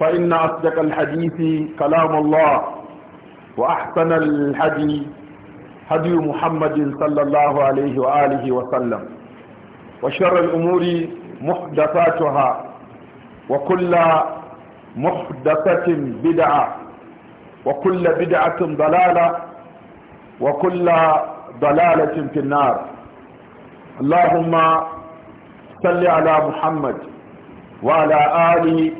فإن أصدق الحديث كلام الله وأحسن الهدي هدي محمد صلى الله عليه وآله وسلم وشر الأمور محدثاتها وكل محدثة بدعة وكل بدعة ضلالة وكل ضلالة في النار اللهم صل على محمد وعلى آله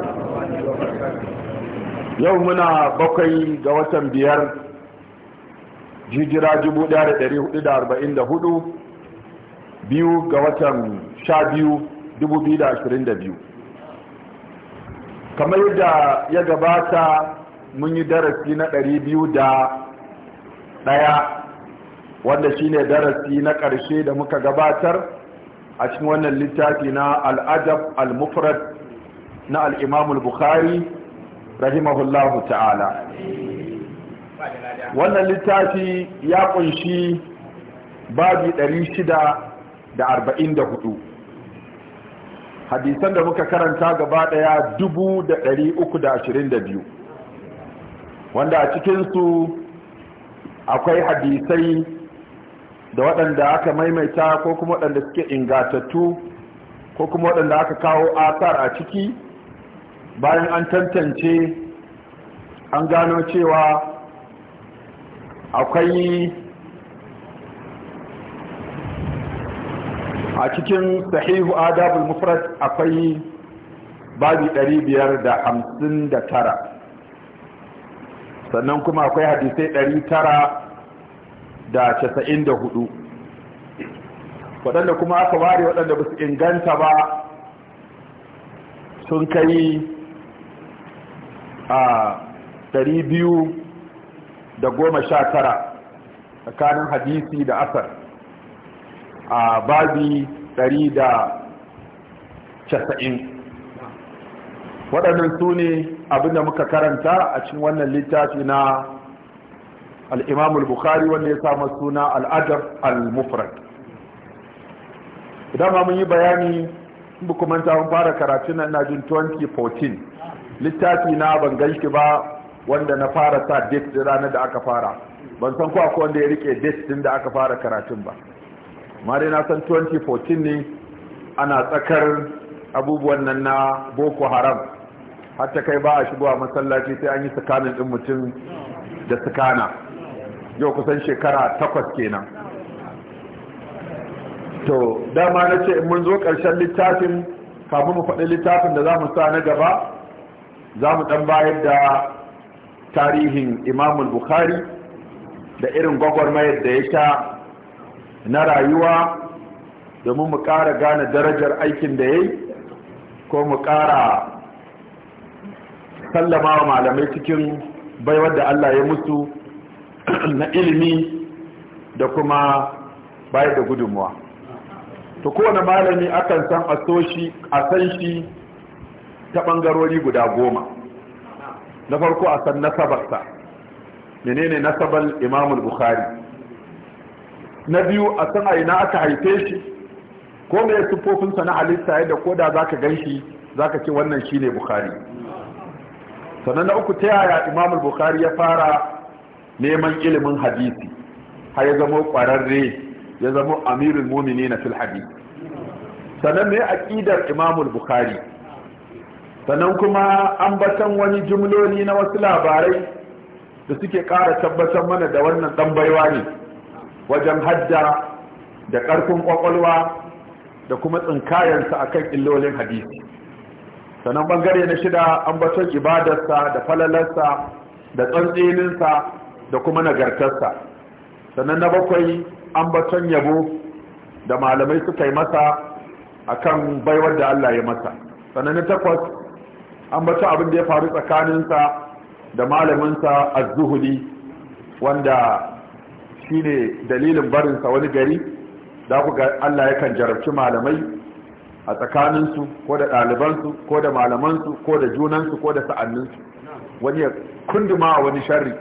yau muna bakwai ga watan biyar jijira 1444 biyu ga watan 12,2022 kamar yadda ya gabata mun yi darasi na 201 wanda shine darasi na ƙarshe da muka gabatar a cikin wannan littafi na al'adab al-mufrad na al'imamul bukhari rahimahullahu ta'ala wannan littafi ya kunshi babi 644 hadisan da muka karanta gaba daya 322 wanda a cikinsu akwai hadisai da waɗanda aka maimaita ko kuma waɗanda suke ingatattu ko kuma waɗanda aka kawo asar a ciki bayan an tantance an gano cewa akwai a cikin sahihu adabul mufrad akwai babi 559 sannan kuma akwai hadisai 994 waɗanda kuma aka ware waɗanda ba su inganta ba sun kai a biyu da goma sha tara, tsakanin hadisi da asar a babi casa'in, waɗannan su ne abinda muka karanta a cikin wannan littafi na al'imamul bukhari wanda ya samu suna al'adar al-mufrad idan ma mun yi bayani bukumanta mun fara karatu na jin littafi na ban ganshi ba wanda na fara sa date ranar da aka fara ban san ko akwai wanda ya rike date din da aka fara karatun ba mare na san 2014 ne ana tsakar abubuwan nan na boko haram har ta kai ba a shigo a masallaci sai an yi sakanin din mutum da sakana yau kusan shekara takwas kenan to dama na ce mun zo karshen littafin kamun mu faɗi littafin da za mu sa na gaba za mu ɗan bayar da tarihin imamul bukhari da irin gwagwarmayar da ya sha na rayuwa domin mu ƙara gane darajar aikin da ya yi ko mu ƙara sallama wa malamai cikin baiwar da Allah ya musu na ilimi da kuma bayar da gudunmuwa to kowane malami akan san a shi ta bangarori guda goma na farko a san nasabarsa menene nasabar imamul bukhari na biyu a san a ina aka haife shi ko me siffofinsa na halitta yadda ko da za ka gan shi za ce wannan shine bukhari sannan na uku ta yaya imamul bukhari ya fara neman ilimin hadisi har ya zama kwararre ya zama amirul mumini na fil hadisi sannan me aqidar imamul bukhari sannan kuma ambatan wani jumloli na wasu labarai da suke ƙara tabbatar mana da wannan ɗan baiwa ne wajen hadda da ƙarfin ƙwaƙwalwa da kuma tsinkayensa a kan illolin hadisi sannan bangare na shida an batan ibadarsa da falalarsa da tsantseninsa da kuma nagartarsa sannan na bakwai batan yabo da malamai suka yi masa akan baiwar da Allah ya masa sannan na takwas An ambaci abin da ya faru tsakaninsa da malaminsa az-zuhuli wanda shine dalilin barinsa wani gari da ku ga Allah yakan jarabci malamai a tsakaninsu ko da ɗalibansu ko da malamansu ko da junansu ko da sa'anninsu wani ya kunduma wani sharri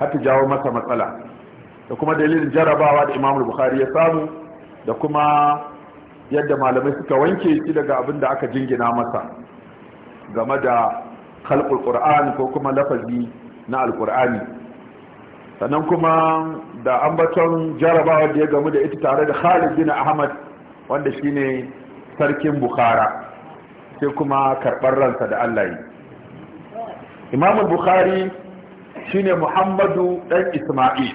har ta jawo masa matsala da kuma dalilin jarabawa da imamul bukhari ya samu da kuma yadda malamai suka wanke shi daga abin da aka jingina masa game da khalqul qur'an ko kuma lafazi na alqur'ani sannan kuma da ambaton jarabawa da ya gamu da ita tare da Khalid bin Ahmad wanda shine sarkin Bukhara sai kuma karbar ransa da Allah yi Imam Bukhari shine Muhammadu dan Isma'il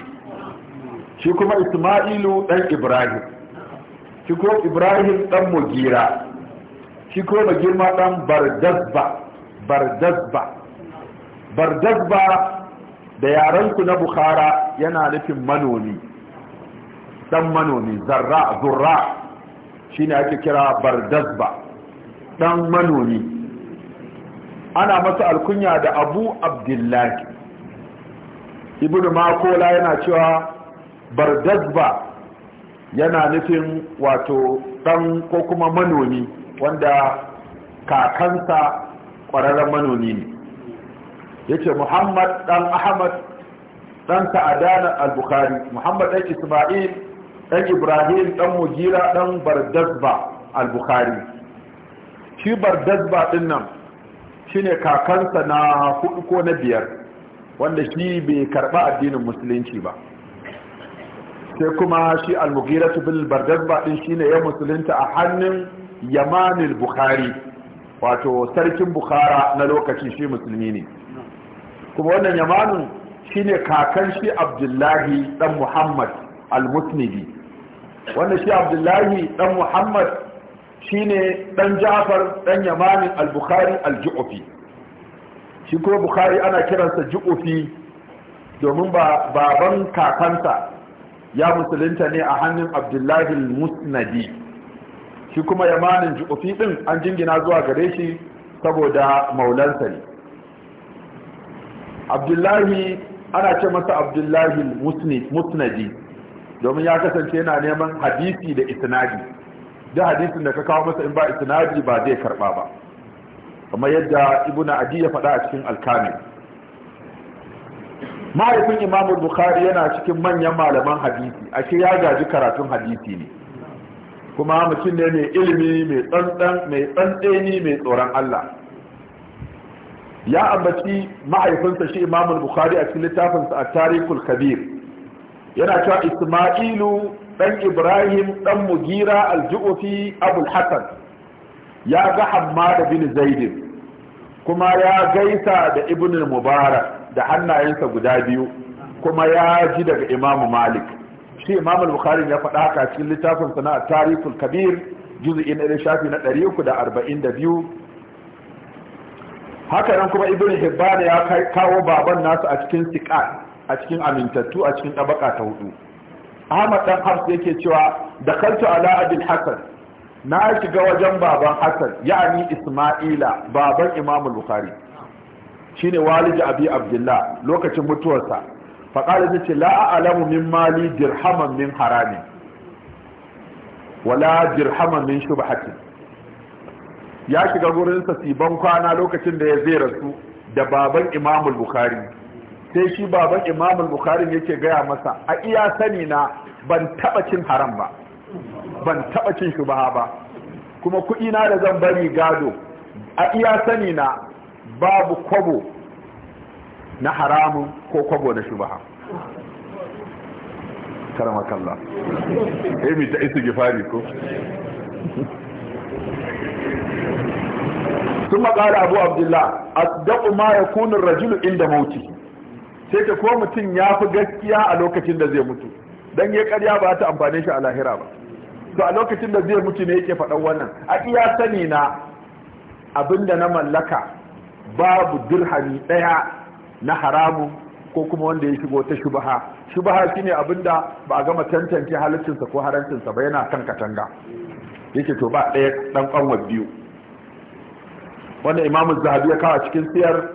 shi kuma Isma'ilu dan Ibrahim shi kuma Ibrahim dan Mugira shi ko ba girma dan bardazba bardazba bardazba da yarenku na bukhara yana nufin manomi dan manomi zarra zurra ne ake kira bardazba dan manomi ana masa alkunya da abu abdullahi ibnu makola yana cewa bardazba yana nufin wato dan ko kuma manomi wanda kakansa ƙwararren manomi ne ya ce muhammad ɗan ahmad ɗan sa'adana al-bukhari muhammad ɗan isma'il ɗan ibrahim ɗan mujira ɗan bardasba al-bukhari shi bardasba ɗin nan shi ne kakansa na hudu ko na biyar wanda shi bai karɓa addinin musulunci ba sai kuma shi al-mughira bil bardasba ɗin shi ne ya musulunta a hannun yamanil bukhari wato sarkin bukhara na lokacin shi musulmi ne kuma wannan yamanu ne kakan shi abdullahi dan muhammad al-musnidi wannan shi abdullahi dan muhammad shine dan jafar dan yamanin al-bukhari al shi kuma bukhari ana kiransa ju'ufi domin baban kakansa ya musulunta ne a hannun abdullahi al-musnadi shi kuma yamanin jukufi din an jingina zuwa gare shi saboda maulansa ne abdullahi ana ce masa abdullahi musnadi domin ya kasance yana neman hadisi da isnadi da hadisin da ka kawo masa in ba isnadi ba zai karba ba kamar yadda ibnu adi ya faɗa a cikin alkami mahaifin imamu bukhari yana cikin manyan malaman hadisi ashe ya gaji karatun hadisi ne kuma mutum ne mai ilimi mai tsantsan mai tsantseni mai tsoron Allah ya ambaci mahaifinsa shi Imam Bukhari a cikin littafinsa a tarikul Kabir yana cewa Isma'ilu dan Ibrahim dan Mugira Al-Ju'fi Abu Hasan ya ga Hammad bin Zaid kuma ya gaisa da Ibn Mubarak da hannayensa guda biyu kuma ya ji daga Imam Malik shi imam al-bukhari ya faɗa haka cikin littafin sana a tarihul kabir juz'i na shafi na 342 haka nan kuma ibn hibban ya kawo baban nasu a cikin siqat a cikin amintattu a cikin tabaka ta hudu ahmad dan hafs yake cewa da dakaltu ala abin hasan na shiga wajen baban hasan ya'ani isma'ila baban imam al-bukhari shine walidi abi abdullah lokacin mutuwarsa da ta ce la'a'alamu min mali dirhaman min harami, wala dirhaman min shubhati ya shiga gurinsa siban kwana lokacin da ya zai rasu da baban imamul bukhari sai shi baban imamul bukhari yake gaya masa a iya sani na ban taɓa cin haram ba ban taɓa cin shubha ba kuma na da zan bari gado a iya sani na babu kwabo na haramun ko kwabo na shubaha karamakalla eh emi ta isi gifari ko ثم abu abdullah a daɓu ma ya kunin rajulu inda mauti sai ka ko mutum ya fi gaskiya a lokacin da zai mutu don ya karya ba ta amfane shi a lahira ba to a lokacin da zai mutu ne yake faɗan wannan a iya sani na abinda na mallaka babu dirhami ɗaya na haramun ko kuma wanda ya shigo ta shubaha shubaha shine abinda ba a gama tantance halittinsa ko harancinsa ba yana kan katanga yake to ba ɗaya ɗan ƙanwa biyu wanda imamu zahabi ya kawo cikin siyar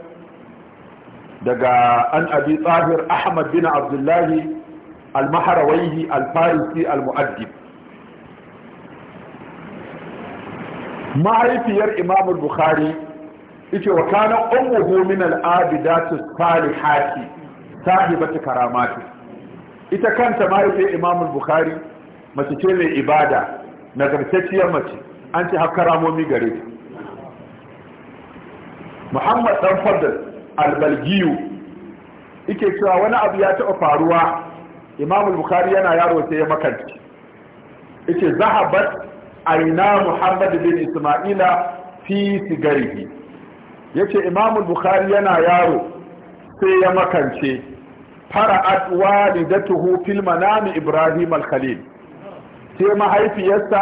daga an abi tsahir ahmad bin abdullahi al-maharawaihi al-farisi al-mu'addib mahaifiyar imamu bukhari yace wa kana ummuhu min al-abidati salihati sahibatu karamati ita kanta mahaifiyar Imam Bukhari mace ce mai ibada nagartacciyar mace an ce har karamomi gare ta Muhammad dan Fadl al-Balgiyu yake cewa wani abu ya taɓa faruwa Imam Bukhari yana yaro sai ya makanci yace zahabat aina Muhammad bin Isma'ila fi sigarihi yace Imam Bukhari yana yaro sai ya makance fara'at walidatuhu fil manami Ibrahim al-Khalil sai mahaifiyarsa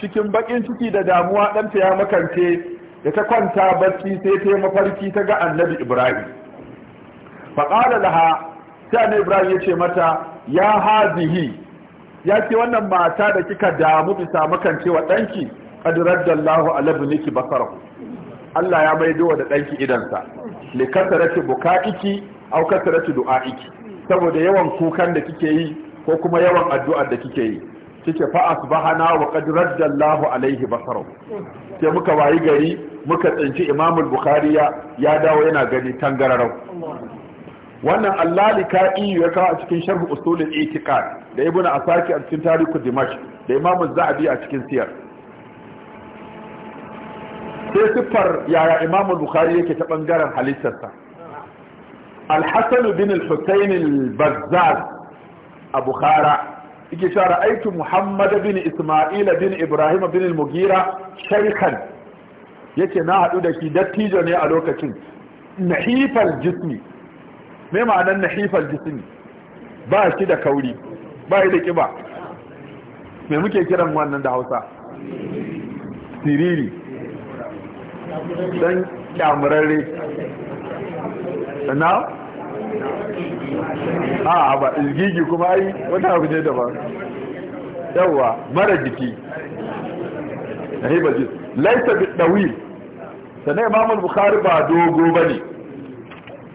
cikin bakin ciki da damuwa ɗanta ya makance da ta kwanta barci sai ta mafarki ta ga annabi Ibrahim qala laha sai annabi Ibrahim ya ce mata ya hazihi ya ce wannan mata da kika damu bisa makancewa ɗanki qad raddallahu ala ibniki basarahu Allah ya maido da danki idansa li kasarati buka'iki aw kasarati du'a'iki saboda yawan kukan da kike yi ko kuma yawan addu'ar da kike yi kike fa asbahana wa qad raddallahu alaihi basarahu sai muka wayi gari muka tsinci Imam al-Bukhari ya dawo yana gani tangararau wannan Allah lika'i ya kawo a cikin sharh usul al-i'tiqad da ya Asaki a cikin tarihu Dimash da Imam az-Zahabi a cikin siyar sai siffar yaya imam bukhari yake ta bangaren halittarsa al-hasan bin al-husayn al-bazzar a bukhara yake cewa ra'aytu muhammad bin isma'il bin ibrahim bin al-mughira shaykhan yace na hadu da shi dattijo ne a lokacin nahifal jismi me ma'anar nahifal jismi ba shi da kauri ba shi da kiba me muke kiran wannan da Hausa siriri dan kyamurare na a ba ilgigi kuma ai wata abu ne daban yawwa mara jiki na hibaji laisa bi dawi sanai imam bukhari ba dogo bane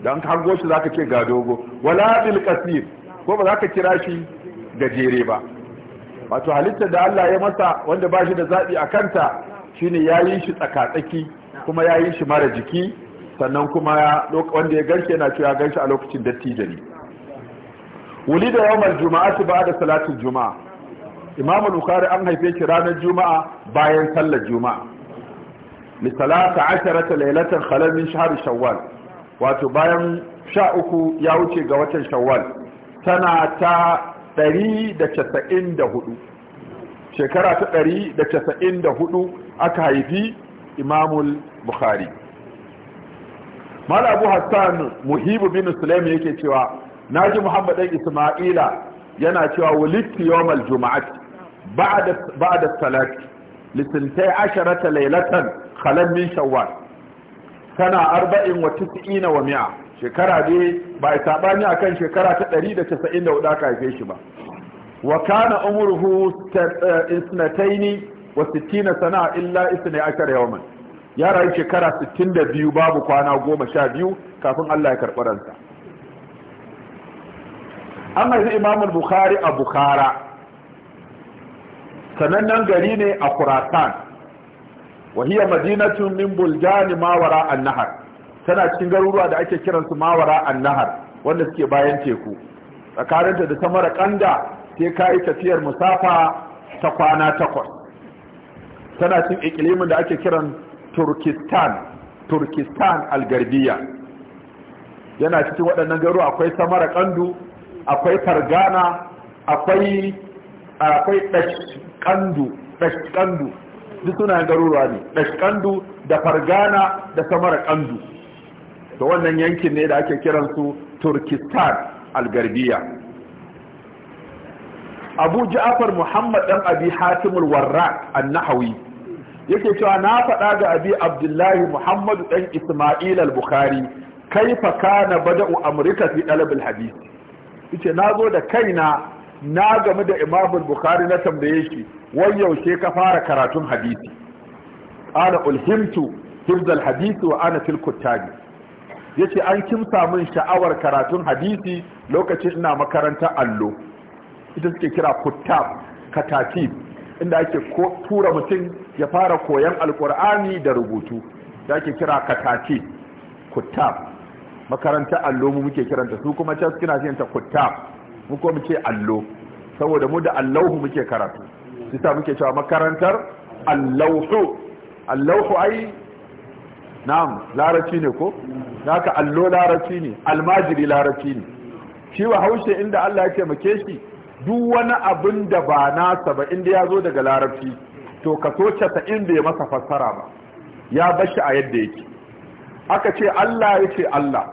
dan hango shi zaka ce ga dogo wala bil kasir ko ba zaka kira shi gajere ba wato halitta da Allah ya masa wanda ba shi da zaɓi a kanta shine yi shi tsakatsaki kuma ya yi shi mara jiki sannan kuma wanda ya ganshi yana cewa ganshi a lokacin da ne wuli da yawmar su ba da salatin juma'a imamu lukari an haife shi ranar juma'a bayan sallar juma'a mai salata ashirar ta lailatar min shahar shawwal wato bayan sha uku ya wuce ga watan shawwal tana ta 194 shekara ta da da casa'in 194 aka haifi imamul bukhari mala hassan muhibu bin sulaim yake cewa na ji dan isma'ila yana cewa wulittu yawmal juma'ati ba'da ba'da salati lisantai asharata laylatan khalan min shawwal sana arba'in wa tis'ina wa mi'a shekara dai ba ya ni akan shekara ta 194 aka haife shi ba wa kana umruhu eh, isnataini wa 60 sana illa 12 yawman ya rayu shekara 62 babu kwana 12 kafin Allah ya karɓi ransa an haifi Imam Bukhari a Bukhara sanannen gari ne a Khurasan wa madinatun min buljani mawara an-nahar tana cikin garuruwa da ake kiransu mawara an-nahar wanda suke bayan teku tsakaninta da ta mara kanda sai ka yi tafiyar musafa ta kwana takwas tana cin ikilimin da ake kiran turkistan turkistan algarbiya yana cikin waɗannan garu akwai samara kandu akwai fargana akwai akwai ɗashkandu ɗashkandu duk suna garuruwa ne ɗashkandu da fargana da samara kandu to wannan yankin ne da ake kiransu turkistan algarbiya abu ja'afar muhammad dan abi hatimul warraq an-nahawi yake cewa na faɗa ga abi abdullahi muhammadu ɗan isma'il al-bukhari kaifa kana bada'u amurka fi ɗalibin hadisi yace na zo da kaina na gamu da imam bukhari na tambaye shi wai yaushe ka fara karatun hadisi ana ulhimtu hibdal hadisi wa ana kuttabi yace an kimsa min sha'awar karatun hadisi lokacin ina makarantar allo ita suke kira kuttab katatib inda ake tura mutum ya fara koyan alkur'ani da rubutu da ake kira katati kuttab makaranta allo mu muke kiranta su kuma can suna ta kuttab mu ko muke allo saboda mu da allahu muke karatu sisa muke cewa makarantar allahu allahu ai na'am larabci ne ko haka allo larabci ne almajiri larabci ne shi wa haushe inda Allah ya ce muke shi duk wani abin da ba nasa ba inda ya zo daga larabci to kaso casa'in ya masa fassara ba ya bashi a yadda yake aka ce Allah ya ce Allah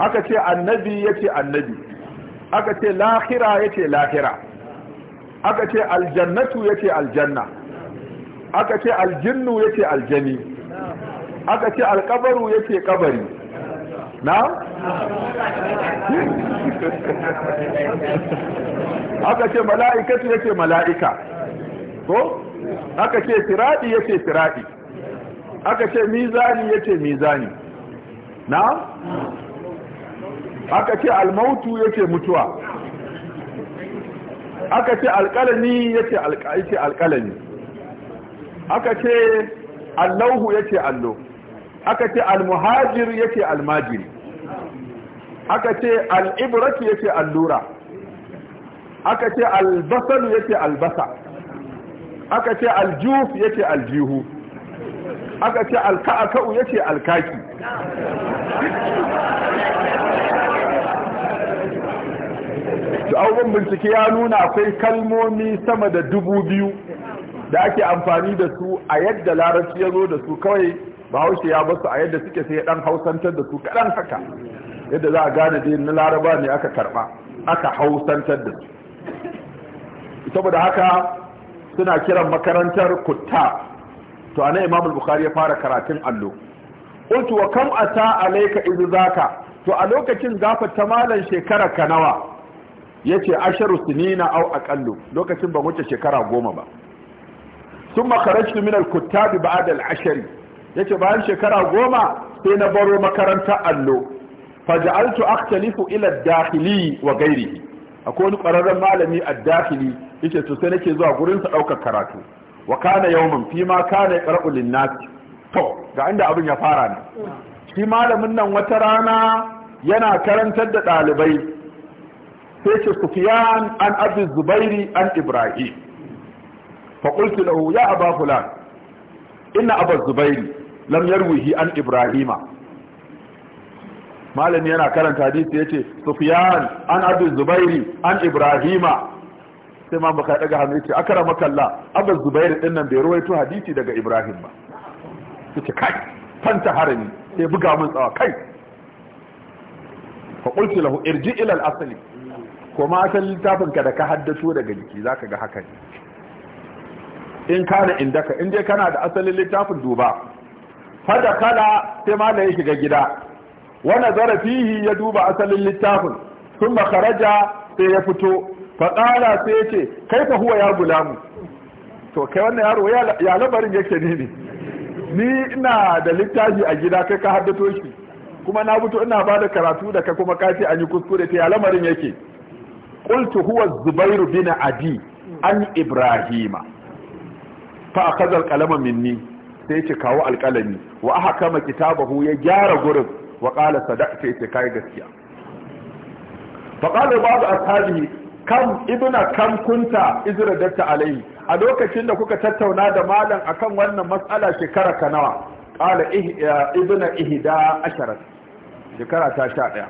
aka ce annabi ya ce annabi aka ce lahira ya ce lahira aka ce aljannatu ya ce aljanna aka ce aljinnu ya ce aljani aka ce alkabaru ya ce kabari na? aka ce mala'ikatu ya ce mala'ika ko aka ce siradi yace firadi aka ce mizani yace mizani na aka ce almautu yace mutuwa aka ce alqalani yace alqaiti alqalani aka ce allahu yace allo aka ce almuhajir yace almajiri aka ce al'ibrati yace allura aka ce albasal yace albasa aka ce aljuf ya ce aljihu aka ce alka'aka'u ya ce alkaki abubuwan bincike ya nuna akwai kalmomi sama da dubu biyu da ake amfani da su a yadda larabci ya zo da su kawai bahaushe ya basu a yadda suke sai dan hausantar da su kaɗan haka yadda za a gane dai na laraba ne aka karɓa aka hausantar da su saboda haka suna kiran makarantar kutta to anan imam bukhari ya fara karatun allo qultu wa kam ata alayka idh zaka to a lokacin gafata malan shekara ka nawa yace asharu sinina aw aqallu lokacin ba wuce shekara goma ba thumma kharajtu min al-kuttab ba'da al-ashri yace bayan shekara goma sai na baro makarantar allo faj'altu akhtalifu ila ad-dakhili wa ghayrihi akwai wani ƙwararren malami a dakili yace to sai nake zuwa gurin sa ɗaukar karatu wa kana yawman fi ma kana yaqra'u lin-nas to ga inda abin ya fara ne shi malamin nan wata rana yana karantar da ɗalibai sai ce sufiyan an abi zubairi an ibrahim faƙultu lahu ya aba fulan ina aba zubairi lam yarwihi an ibrahima malami yana karanta hadisi ce sufyan an abu zubairi an ibrahima sai ma baka daga hannu ce akara makalla abu zubairi din nan bai ruwaito hadisi daga ibrahim ba Su ce kai fanta harami sai buga mun tsawa kai fa qultu lahu irji ila al-asli kuma asalin littafin ka da ka haddato daga jiki zaka ga haka ne in kana indaka in dai kana da asalin littafin duba fa da kala sai malami shiga gida wa nazara fihi ya duba asalin littafin sun kharaja sai ya fito fa qala sai yace fa huwa ya gulamu to kai wannan yaro ya labarin yake ne ne ni ina da littafi a gida kai ka haddato shi kuma na fito ina ba da karatu da ka kuma kace an yi kuskure ta ya lamarin yake qultu huwa zubairu bin adi an ibrahima fa akhadha alqalama minni sai ce kawo alqalami wa ahkama kitabahu ya gyara gurin wa qala sadaqta ita kai gaskiya fa qala ba'd ashabi kam ibna kam kunta izra datta a lokacin da kuka tattauna da malam akan wannan mas'ala shekara ka nawa qala ibna ihda ashara shekara ta daya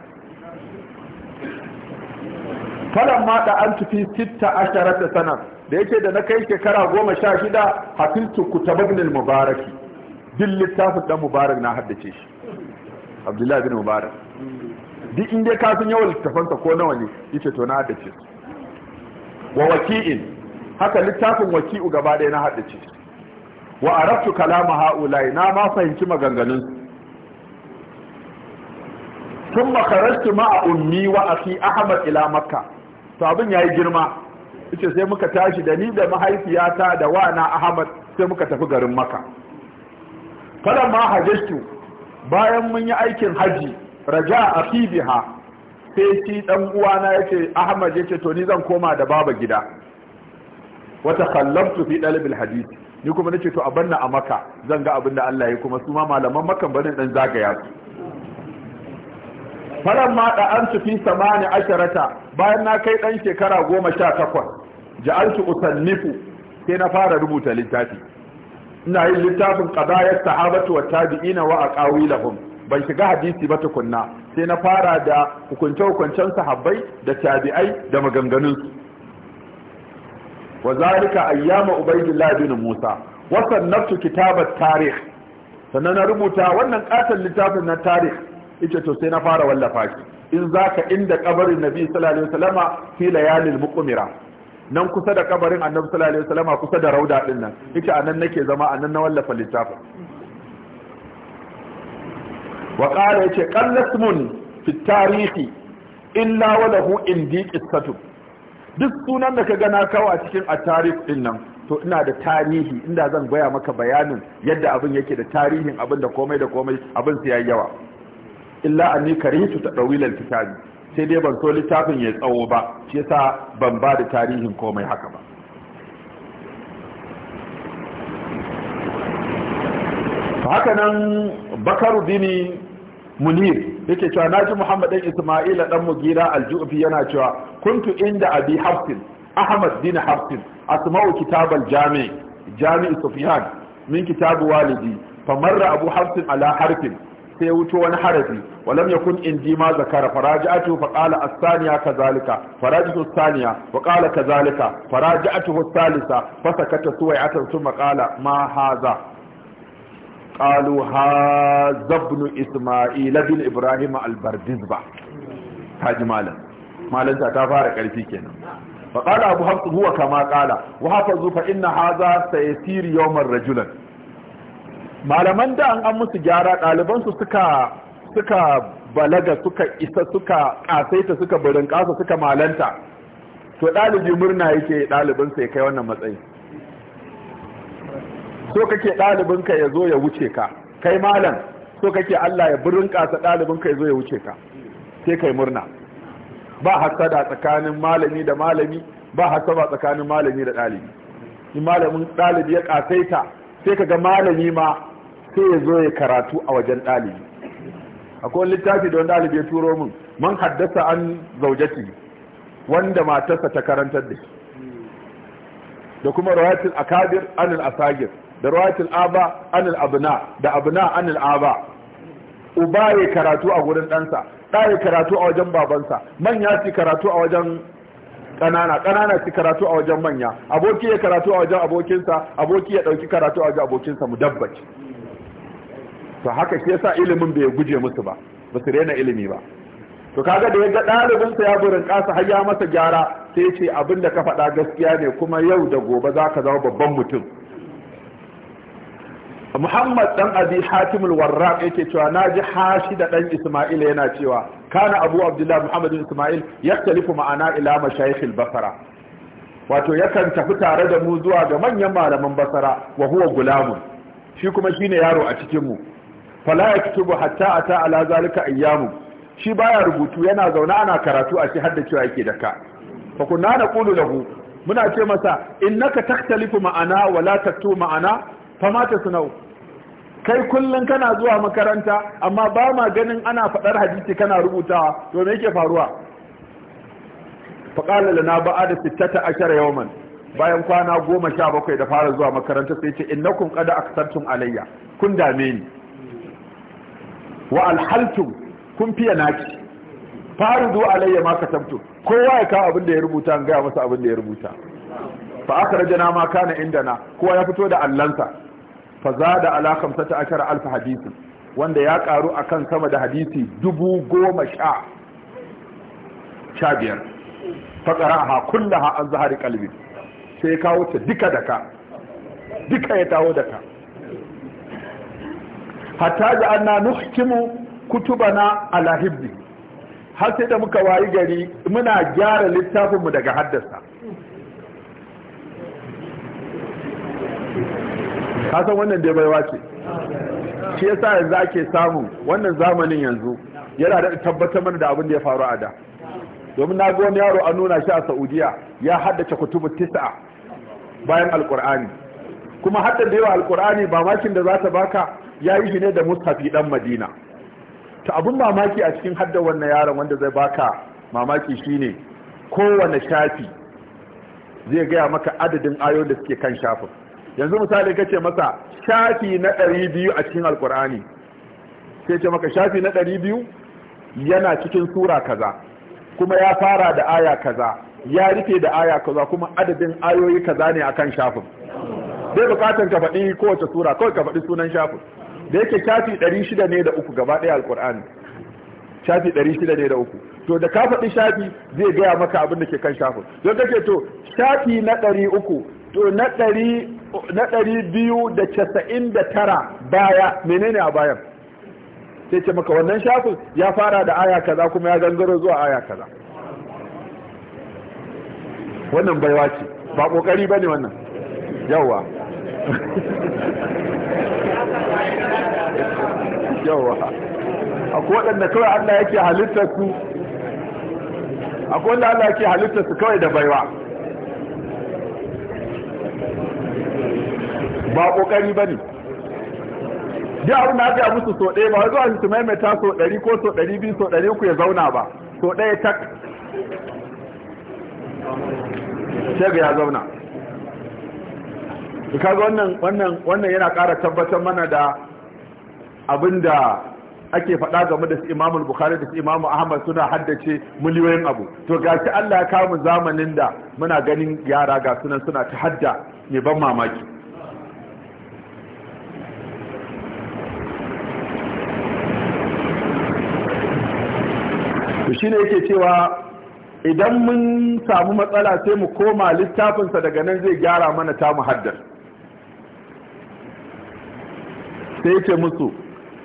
falan ma da an tufi sitta da sana da yake da na kai shekara goma sha shida hafiltu kutababnil mubaraki din littafin dan mubarak na haddace shi abdullahi bin mubarak duk inda ka san yawan littafansa ko nawa ne yace to na ce wa waki'in haka littafin waki'u gaba ɗaya na ce wa arabtu kalama haulai na ma fahimci maganganun sun ma a ummi wa afi ahmad ila makka sabon ya yi girma yace sai muka tashi da ni da mahaifiyata da wa na ahmad sai muka tafi garin makka falamma hajjatu bayan mun yi aikin haji raja a fibiha sai shi dan uwana yace ahmad yace to ni zan koma da baba gida wata kallon fi dalibil hadith ni kuma nace to abanna a maka zan ga abin da Allah ya kuma su ma malaman makan bane dan zagaya su faran ma da an fi samani asharata bayan na kai dan shekara goma sha takwas ja'altu usannifu sai na fara rubuta littafi ina yin littafin ya sahabatu wa tabi'ina wa aqawilahum ban shiga hadisi ba tukunna sai na fara da hukunce hukuncen sahabbai da tabi'ai da maganganun su wa ayyama ubaydillah bin musa wa sannaftu kitabat tarikh sannan na rubuta wannan katon littafin na tarikh ita to sai na fara wallafa shi in zaka inda kabarin nabi sallallahu alaihi wasallama fi layalil muqmira nan kusa da kabarin annabi sallallahu alaihi wasallam kusa da rauda din nan yace anan nake zama anan na wallafa littafin wa qala yace qallasmun fi tarihi illa wa lahu indi qissatu duk sunan da kaga na kawo a cikin at-tarikh din nan to ina da tarihi inda zan gaya maka bayanin yadda abin yake da tarihin abin da komai da komai abin sai yayi yawa illa anni karihtu tadawil kitabi sai dai ban so littafin ya tsawo ba shi yasa ban ba da tarihin komai haka ba haka nan bakaru bini munir yake cewa naji muhammad dan isma'ila dan mugira al yana cewa kuntu inda abi hafsin ahmad bin hafsin asma'u kitab al-jami' jami' sufyan min kitab walidi famarra abu hafsin ala harfin sai ya wuto wani harafi walam yakun indi ma zakara faraja'atu fa qala as-thaniya kadhalika faraja'atu as-thaniya wa qala kadhalika faraja'atu as-thalitha fa sakata suwai'atan thumma qala ma hadha qalu hadha ibn isma'il bin ibrahim al-bardizba haji malam malam ta ta fara karfi kenan fa qala abu hafs huwa kama qala wa hafazu fa inna hadha sayasir yawman rajulan malaman da an musu gyara ɗalibansu suka suka balaga suka isa suka kasaita suka barin kasa suka malanta to ɗalibi murna yake ɗalibinsa ya kai wannan matsayi so kake ɗalibinka ya zo ya wuce ka kai malam so kake Allah ya burin kasa ɗalibinka ya zo ya wuce ka sai kai murna ba hasada tsakanin malami da malami ba hasaba tsakanin malami da ɗalibi in malamin ɗalibi ya kasaita sai ka ga malami ma sai ya zo ya karatu a wajen ɗalibi akwai wani littafi da wani ɗalibi ya turo min man haddasa an zaujati wanda matarsa ta karantar da shi da kuma rawatul akabir anil asagir da rawatul aba anil abna da abna anil aba uba ya karatu a gurin ɗansa ɗa karatu a wajen babansa manya su karatu a wajen kanana kanana su karatu a wajen manya aboki ya karatu a wajen abokinsa aboki ya ɗauki karatu a wajen abokinsa dabbaci to haka shi yasa ilimin bai guje musu ba ba su rena ilimi ba to kaga da yaga ɗalibinsa ya burin ƙasa har ya masa gyara sai ce abin da ka faɗa gaskiya ne kuma yau da gobe za ka zama babban mutum muhammad dan abi hatim al-warraq yake cewa naji hashi da dan isma'il yana cewa kana abu abdullah muhammad bin isma'il yaktalifu ma'ana ila mashayikh al-basra wato yakan tafi tare da mu zuwa ga manyan malaman basara wa huwa gulamun shi kuma shine yaro a cikin mu fala yaktubu hatta ata ala zalika ayyamu shi baya rubutu yana zaune ana karatu a shi hadda cewa yake da ka fa kunna naqulu lahu muna ce masa innaka taktalifu ma'ana wala taktu ma'ana fama tasna'u kai kullum kana zuwa makaranta amma ba ma ganin ana faɗar hadisi kana rubutawa to me yake faruwa faƙala lana a da sittata ashara yawman bayan kwana goma sha bakwai da fara zuwa makaranta sai ce innakum qad aksartum alayya kun dame ni wa alhaltum kun fiye naki zuwa alayya ma katabtu kowa ya kawo abin da ya rubuta an gaya masa abin da ya rubuta fa aka rajana ma kana indana kowa ya fito da allansa fa da ala 15 alfa hadisi wanda ya a kan sama da hadisi dubu goma sha sha biyar fa qara'aha kullaha an zahari kalbi sai ya kawo ta duka daka duka ya tawo daka hatta da na nuhkimu kutubana na har sai da muka wayi gari muna gyara littafinmu daga haddasa kasan wannan dai baiwa ce shi ya sa yanzu ake samun wannan zamanin yanzu yana da tabbatar mana da abin da ya faru a da domin na ga wani yaro a nuna shi a Saudiya ya haddace kutubu tis'a bayan alkur'ani kuma hadda da yawa alkur'ani ba makin da za ta baka ya yi shi ne da mustafi dan Madina Ta abin mamaki a cikin hadda wannan yaron wanda zai baka mamaki shine kowane shafi zai gaya maka adadin ayoyin da suke kan shafin yanzu misali kace masa shafi na 200 a cikin alkur'ani sai ce maka shafi na 200 yana cikin sura kaza kuma ya fara da aya kaza ya rike da aya kaza kuma adadin ayoyi kaza ne akan shafin bai bukatan ka faɗi kowace sura kawai ka faɗi sunan shafin da yake shafi 600 ne da uku gaba ɗaya alkur'ani shafi 600 ne da uku to da ka faɗi shafi zai gaya maka abin da ke kan shafin don kake to shafi na ɗari uku to na ɗari biyu da casa'in da tara baya menene a bayan sai ce maka wannan shafin ya fara da aya kaza kuma ya gangaro zuwa aya kaza wannan baiwa ce ba ƙoƙari ba ne wannan yawa yawa akwai waɗanda kawai Allah yake halittar su akwai waɗanda Allah yake halittar su kawai da baiwa ba kokari ba ne da abin da aka musu so ɗaya ba zuwa su maimaita so ɗari ko so ɗari biyu so ɗari uku ya zauna ba so ɗaya tak shega ya zauna kaga wannan wannan wannan yana ƙara tabbatar mana da abin da ake faɗa game da su Imam Bukhari da su Imam Ahmad suna haddace miliyoyin abu to gashi Allah ya kawo zamanin da muna ganin yara ga sunan suna ta hadda ne ban mamaki to shine yake cewa idan mun samu matsala sai mu koma littafinsa daga nan zai gyara mana ta muhaddar sai ce musu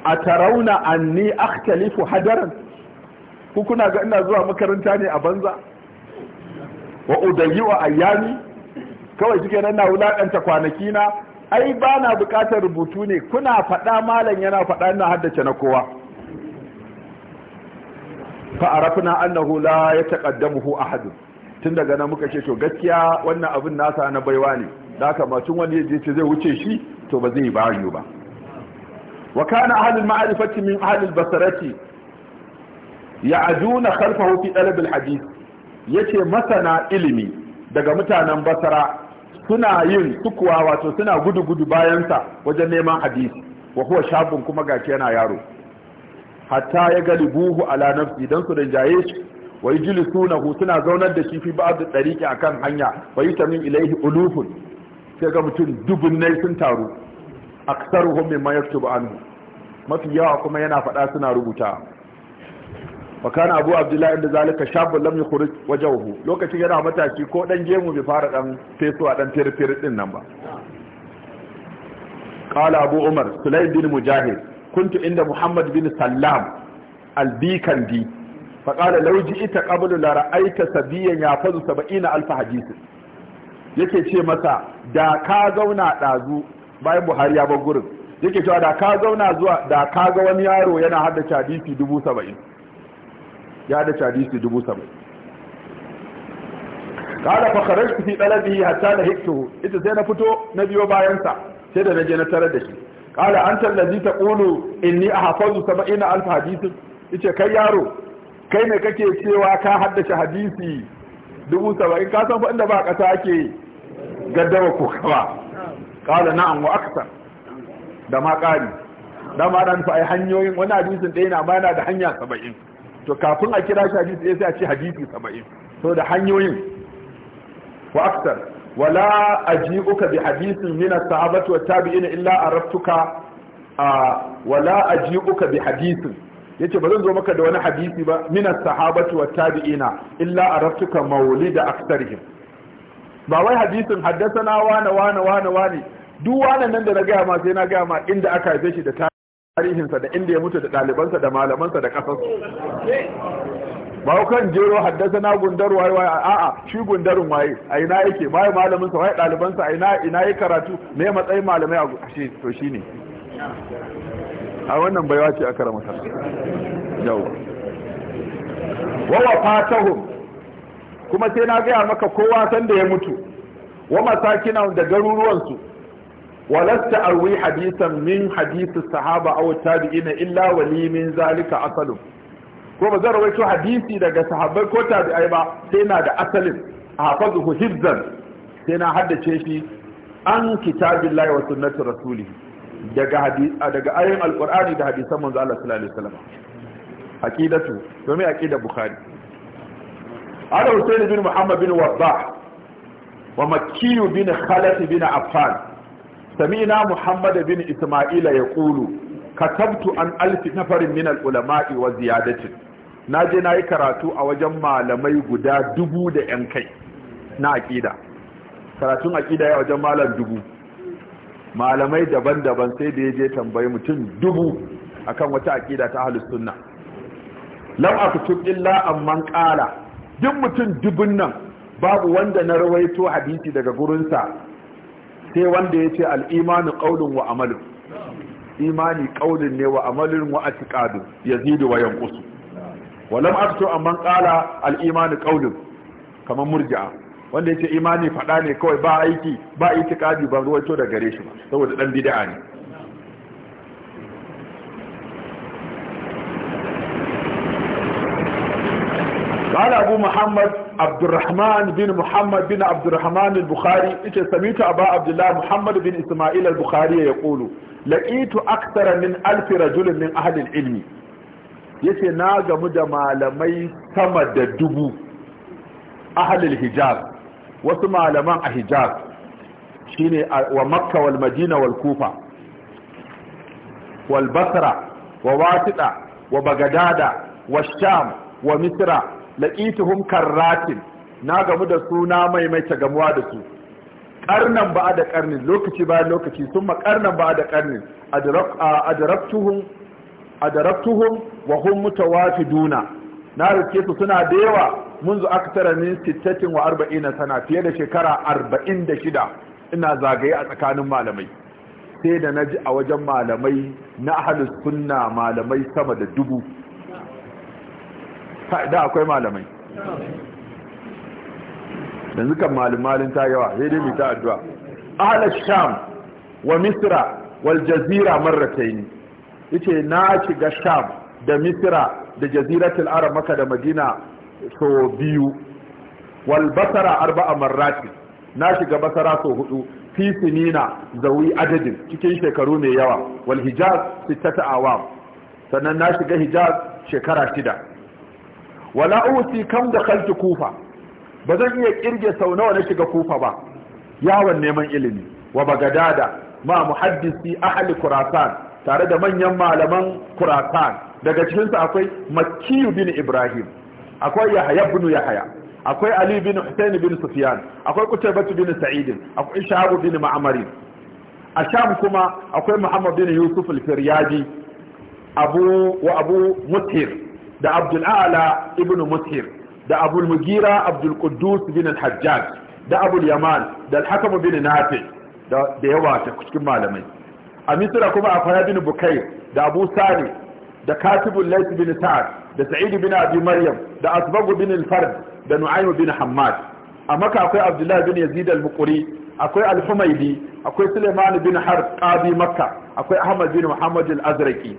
a tarauna anni akhtalifu hadaran ku kuna ga ina zuwa makaranta ne a banza wa udayyi wa ayyami kawai kike nan na wulakanta kwanaki na ai ba na bukatar rubutu ne kuna faɗa malam yana faɗa ina haddace na kowa fa ya annahu la a ahad tun daga nan muka ce to gaskiya wannan abin nasa na baiwa ne da haka ma tun wani ya je ce zai wuce shi to ba zai bayu ba wa ahalin ahlul ma'rifati min ahlil basarati ya'duna khalfahu fi talab alhadith yace masana ilimi daga mutanen basara suna yin sukuwa wato suna gudu gudu bayansa wajen neman hadisi wa huwa shabun kuma gashi yana yaro hatta ya galibuhu ala nafsi dan su rinjaye wai wa yajlisunahu suna zaunar da kifi ba da ba'd a kan hanya wa yutamin ilaihi ulufun sai ga mutum dubunnai sun taru aktaruhum mimma yaktubu anhu mafi yawa kuma yana faɗa suna rubuta wa kana abu abdullahi inda zalika shabun lam yukhruj wajhuhu lokacin yana matashi ko dan gemu bai fara dan fesuwa dan firfir din nan ba qala abu umar sulaim bin mujahid kuntu inda muhammad bin sallam albikandi fa qala law ji'ta qablu la ra'aita sabiyan yafazu 70 alf hadith yake ce masa da ka zauna dazu bayan buhari ya bar gurin yake cewa da ka zauna zuwa da ka ga wani yaro yana haddace hadisi dubu saba'in ya haddace hadisi dubu saba'in fa kharajtu fi talabihi hatta lahiktuhu ita sai na fito na biyo bayansa sai da na je na tarar da shi kala anta allazi taqulu inni ahfazu alf hadith yace kai yaro kai ne kake cewa ka haddace hadisi dubu saba'in ka san fa inda ba kasa ake gaddama ko kaba qala na'am wa akthar da ma kari. da ma dan fa hanyoyin wani hadisin da yana ma yana da hanya saba'in. to kafin a kira shi hadisi sai a ce hadisi saba'in. to da hanyoyin wa akthar wala aji'uka bi hadisin min as-sahabati wat tabi'in illa araftuka wala aji'uka bi hadisin yace ba zan zo maka da wani hadisi ba min as-sahabati wat tabi'ina illa araftuka mawlida aktharihim ba wai hadisin haddasana wane wane wane wane duk wane nan da na gaya ma sai na gaya ma inda aka haife shi da tarihinsa da inda ya mutu da ɗalibansa da malamansa da ƙasarsu ba kan jero haddasana gundar waye waye a'a shi gundarin waye a ina yake waye malaminsa, waye ɗalibansa? a ina ina yi karatu me matsayin malamai a shi to shi ne? a wannan baiwa ce aka ramata yawa wa wafatahum kuma sai na gaya maka kowa san da ya mutu wa masakina da garuruwansu walasta arwi hadisan min hadisi sahaba aw tabi'ina illa wali min zalika asalun ko ba zan rawaito hadisi daga sahabbai ko tabi'ai ba sai na da asalin hafazuhu hibzan sai na haddace shi an kitabillahi wa sunnati rasulih daga hadisi daga ayoyin alqur'ani da hadisan manzo Allah sallallahu alaihi wasallam aqidatu domin aqida bukhari ana husaini bin muhammad bin wabba wa makiyu bin khalaf bin affan sami'na muhammad bin isma'ila yaqulu katabtu an alfi nafarin min al-ulama'i wa ziyadatin naje nayi karatu a wajen malamai guda dubu da yan kai na aqida karatun aqida ya wajen malam dubu malamai daban-daban sai da yaje tambayi mutum dubu akan wata aƙida ta ahlus sunna lam akutub illa amman qala duk mutum dubun nan babu wanda na rawaito hadisi daga gurinsa sai wanda ya ce al'imani ƙaunin wa amalin imani ƙaunin ne wa amalin wa atiƙadu ya zidu wa yankusu walam akto amma ƙala al'imani ƙaunin kamar murji'a wanda ya ce imani faɗa ne kawai ba aiki ba itiƙadi ba ruwaito da gare shi ba saboda ɗan bida'a ne قال أبو محمد عبد الرحمن بن محمد بن عبد الرحمن البخاري إيش سميت أبا عبد الله محمد بن إسماعيل البخاري يقول لقيت أكثر من ألف رجل من أهل العلم yace na gamu da malamai sama da dubu ahalil hijab wasu malaman a hijab shine wa makka wal madina wal kufa wal basra wa wasita wa bagadada wa sham wa misra laqituhum karratin na gamu da su na maimaita gamuwa da su karnan ba da karnin lokaci bayan lokaci sun ma karnan ba da karnin adarabtuhum adarabtuhum wa hum mutawafiduna na rike su suna da yawa منذ أكثر من 46 سنة fiye da shekara 46 ina zagaye a tsakanin malamai sai da naji a wajen malamai na ahlus sunna malamai sama da dubu da akwai malamai yanzu kan malin ta yawa sai dai mita addu'a ahla sham wa Misira wal jazira marratayn yace na shiga sham da Misira da jaziratul arab maka da madina so biyu wal basara arba'a marrati na shiga basara so hudu fi sinina zawi adadin cikin shekaru mai yawa wal hijaz sittata awam sannan na shiga hijaz shekara shida wala uti kam da kalti kufa ba zan iya kirge sau nawa na shiga kufa ba yawon neman ilimi wa bagadada ma muhaddisi ahli kurasan tare da manyan malaman kurasan daga cikinsu akwai makiyu bin ibrahim akwai yahaya bin yahaya akwai ali bin husain bin sufyan akwai kutayba bin sa'id akwai shahab bin ma'mari a sham kuma akwai muhammad bin yusuf al-firyadi abu wa abu mutir da abdul ala ibn mutir da abul mugira abdul quddus bin al-hajjaj da abul yaman da al-hakam bin nafi da yawa ta cikin malamai a misra kuma akwai bin bukai da abu sari da katibul lays bin sa'ad da sa'id bin abi maryam da asbag bin al-fard da nu'aym bin hammad a maka akwai abdullah bin yazid al-muqri akwai al-humaydi akwai suleiman bin har qadi makka akwai ahmad bin muhammad al-azraqi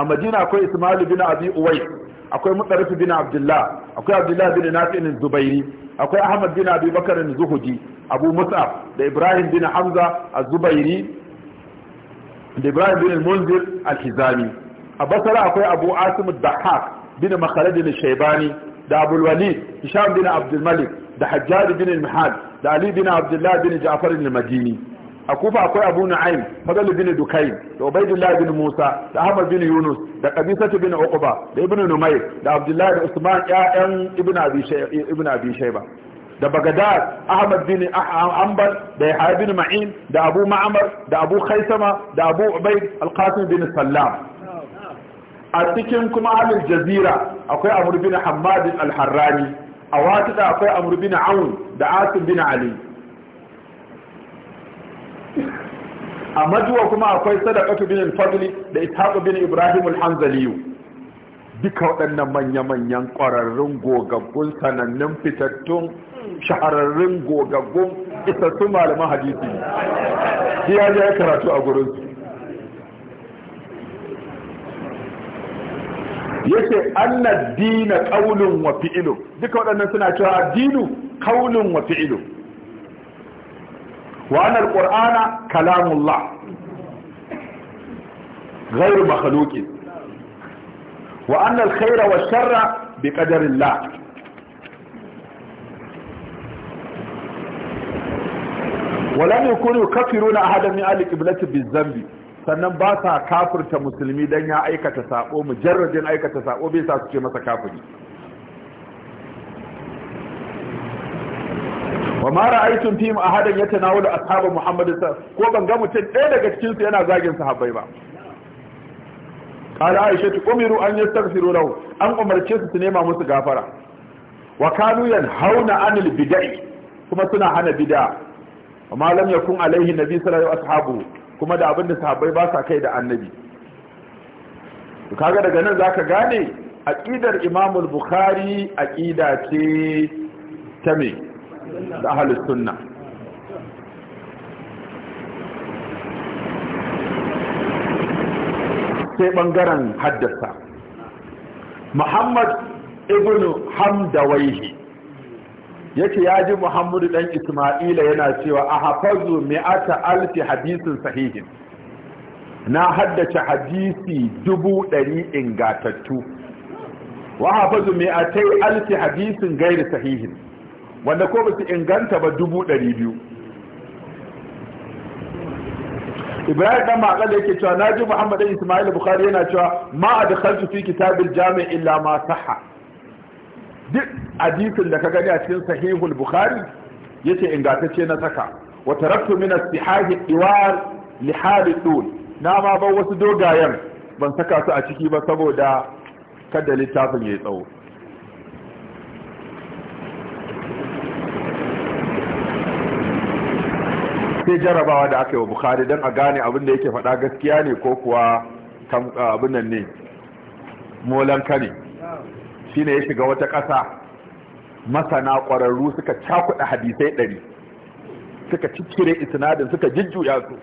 a madina akwai ismail bin abi uwais akwai mutarif bin abdullah akwai abdullah bin nafi'in zubairi akwai ahmad bin abi bakar zuhudi abu Musa, da ibrahim bin hamza az-zubairi da ibrahim bin munzir al-hizami a basara akwai abu asim ad bin makhalid al-shaybani da abul walid hisham bin abdul malik da hajjaj bin mihad da ali bin abdullah bin ja'far al-madini a kufa akwai abu na'im fadl bin da ubaidullah bin musa da ahmad bin yunus da qabisatu bin uqba da ibnu numayr da abdullah da usman ya'yan ibnu abi ibnu abi shayba da bagadad ahmad bin ambal da yahya bin ma'in da abu ma'mar da abu khaisama da abu ubaid alqasim bin sallam a cikin kuma ahlul jazira akwai amr bin hammad al-harrani a wata akwai amr bin aun da asim bin ali a majuwa kuma akwai sadaqatu bin fadli da ishaq bin ibrahim al-hanzali duka waɗannan manya-manyan ƙwararrun gogaggun sanannun fitattun shahararrun gogaggun isassun malaman hadisi ne ya ya karatu a gurinsu yace anna dina qaulun wa fi'lu duka waɗannan suna cewa dinu ƙaunin wa fi'lu wa ƙur'ana alqur'ana kalamullah wa'anar makhluq wa anna alkhayra wash-sharra biqadari Allah ولم يكونوا يكفرون احدا من اهل القبلة بالذنب sannan ba sa kafirta musulmi dan ya aikata sako mujarradin aikata sako bai sa su ce masa kafiri ma ra'aytum fihim ahadan yatanawalu ashabu sa ko ban ga mutum ɗaya daga cikin su yana zagin sahabbai ba qala aisha umiru an yastaghfiru lahu an umarce su su nema musu gafara wa kanu yanhauna anil bid'i kuma suna hana bid'a amma lam yakun alaihi nabi sallallahu alaihi ashabu kuma da abinda sahabbai ba sa kai da annabi to kaga daga nan zaka gane aqidar imamul bukhari aqida ce ta me da ahalus sunna sai bangaren haddasa muhammad Ibnu hamdawaihi yace ya ji muhammadu dan isma'ila yana cewa a hafazu mi'ata alfi hadisin sahihin na haddace hadisi dubu ɗari ingatattu wa hafazu mi'atai alfi hadisin gairi sahihin wanda ko ba su inganta ba dubu ɗari biyu ibrahim ɗan da yake cewa na ji Muhammadin ismail bukhari yana cewa ma kansu fi kitabil jami'in illa ma saha. duk hadisin da ka gani a cikin sahihul bukhari yace ingatacce na saka wata mina min istihahi iwar li halidun na ma ban wasu dogayen ban saka su a ciki ba saboda kada littafin ya yi tsawo sai jarabawa da aka yi wa bukhari don a gane abin da yake faɗa gaskiya ne ko kuwa abin nan ne molanka ne shi ne ya shiga wata ƙasa masana ƙwararru suka cakuɗa hadisai ɗari suka cikire isnadin suka jujjuya su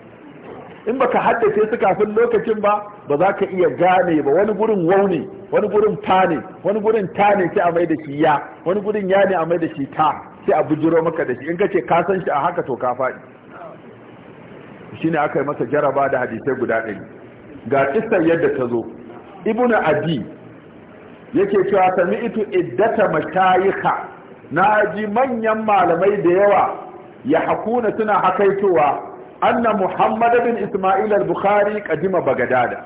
in ba ka haddace su kafin lokacin ba ba za ka iya gane ba wani gurin wauni wani gurin ta ne wani gurin ta ne sai a mai da shi ya wani gurin ya ne a mai da shi ta sai a bujiro maka da shi in ka ce ka san shi a haka to ka faɗi ne aka yi masa jaraba da hadisai guda ɗari ga ƙistar yadda ta zo ibnu adi yake cewa ito iddata mashayika na ji manyan malamai da yawa ya hakuna suna hakaitowa anna muhammad bin isma'il al-bukhari qadima bagadada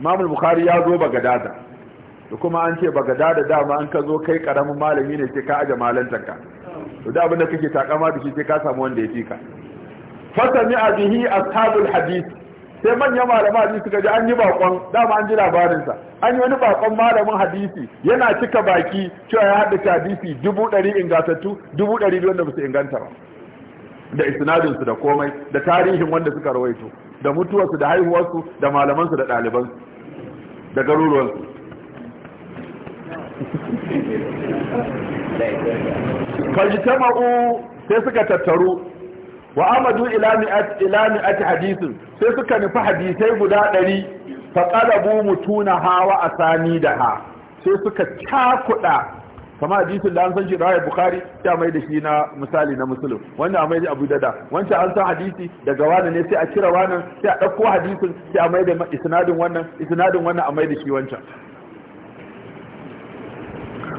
imam al-bukhari ya zo bagadada da kuma an ce bagadada dama an ka zo kai karamin malami ne sai ka aje malantanka to da abin da kake takama da shi sai ka samu wanda ya fika fasami a bihi ashabul hadith sai manyan malaman hadisi suka ji an yi bakon dama an ji labarinsa an yi wani bakon malamin hadisi yana cika baki cewa ya haddace hadisi dubu ɗari ingantattu dubu ɗari biyu wanda ba su inganta ba da isnadinsu da komai da tarihin wanda suka rawaito da mutuwarsu da haihuwarsu da malamansu da ɗalibansu da garuruwansu fajitama'u sai suka tattaru wa amadu ila mi'at ila hadisin sai suka nufi hadisai guda ɗari, fa qalabu mutuna hawa asani da ha sai suka cakuda kama hadisin da an san shi da bukhari ya mai da shi na misali na Musulun? wannan a mai da abu dada wancan an san hadisi daga wani ne sai a kira wannan sai a dauko hadisin sai a mai da isnadin wannan isnadin wannan a mai da shi wancan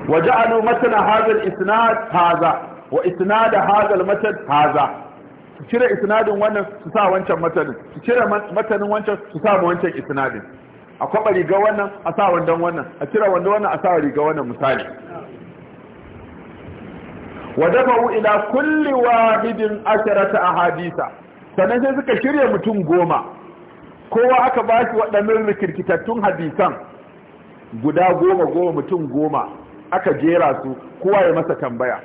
وجعلوا متن هذا الاسناد هذا واسناد هذا المتن هذا su cire isnadin wannan su sa wancan matanin su cire matanin wancan su sa mu wancan isnadin a kwaba riga wannan a sa wandon wannan a cire wanda wannan a sa riga wannan misali wa dafahu ila kulli wahidin asharata ahadisa sannan sai suka shirya mutum goma kowa aka ba shi waɗannan rikirkitattun hadisan guda goma goma mutum goma aka jera su kowa ya masa tambaya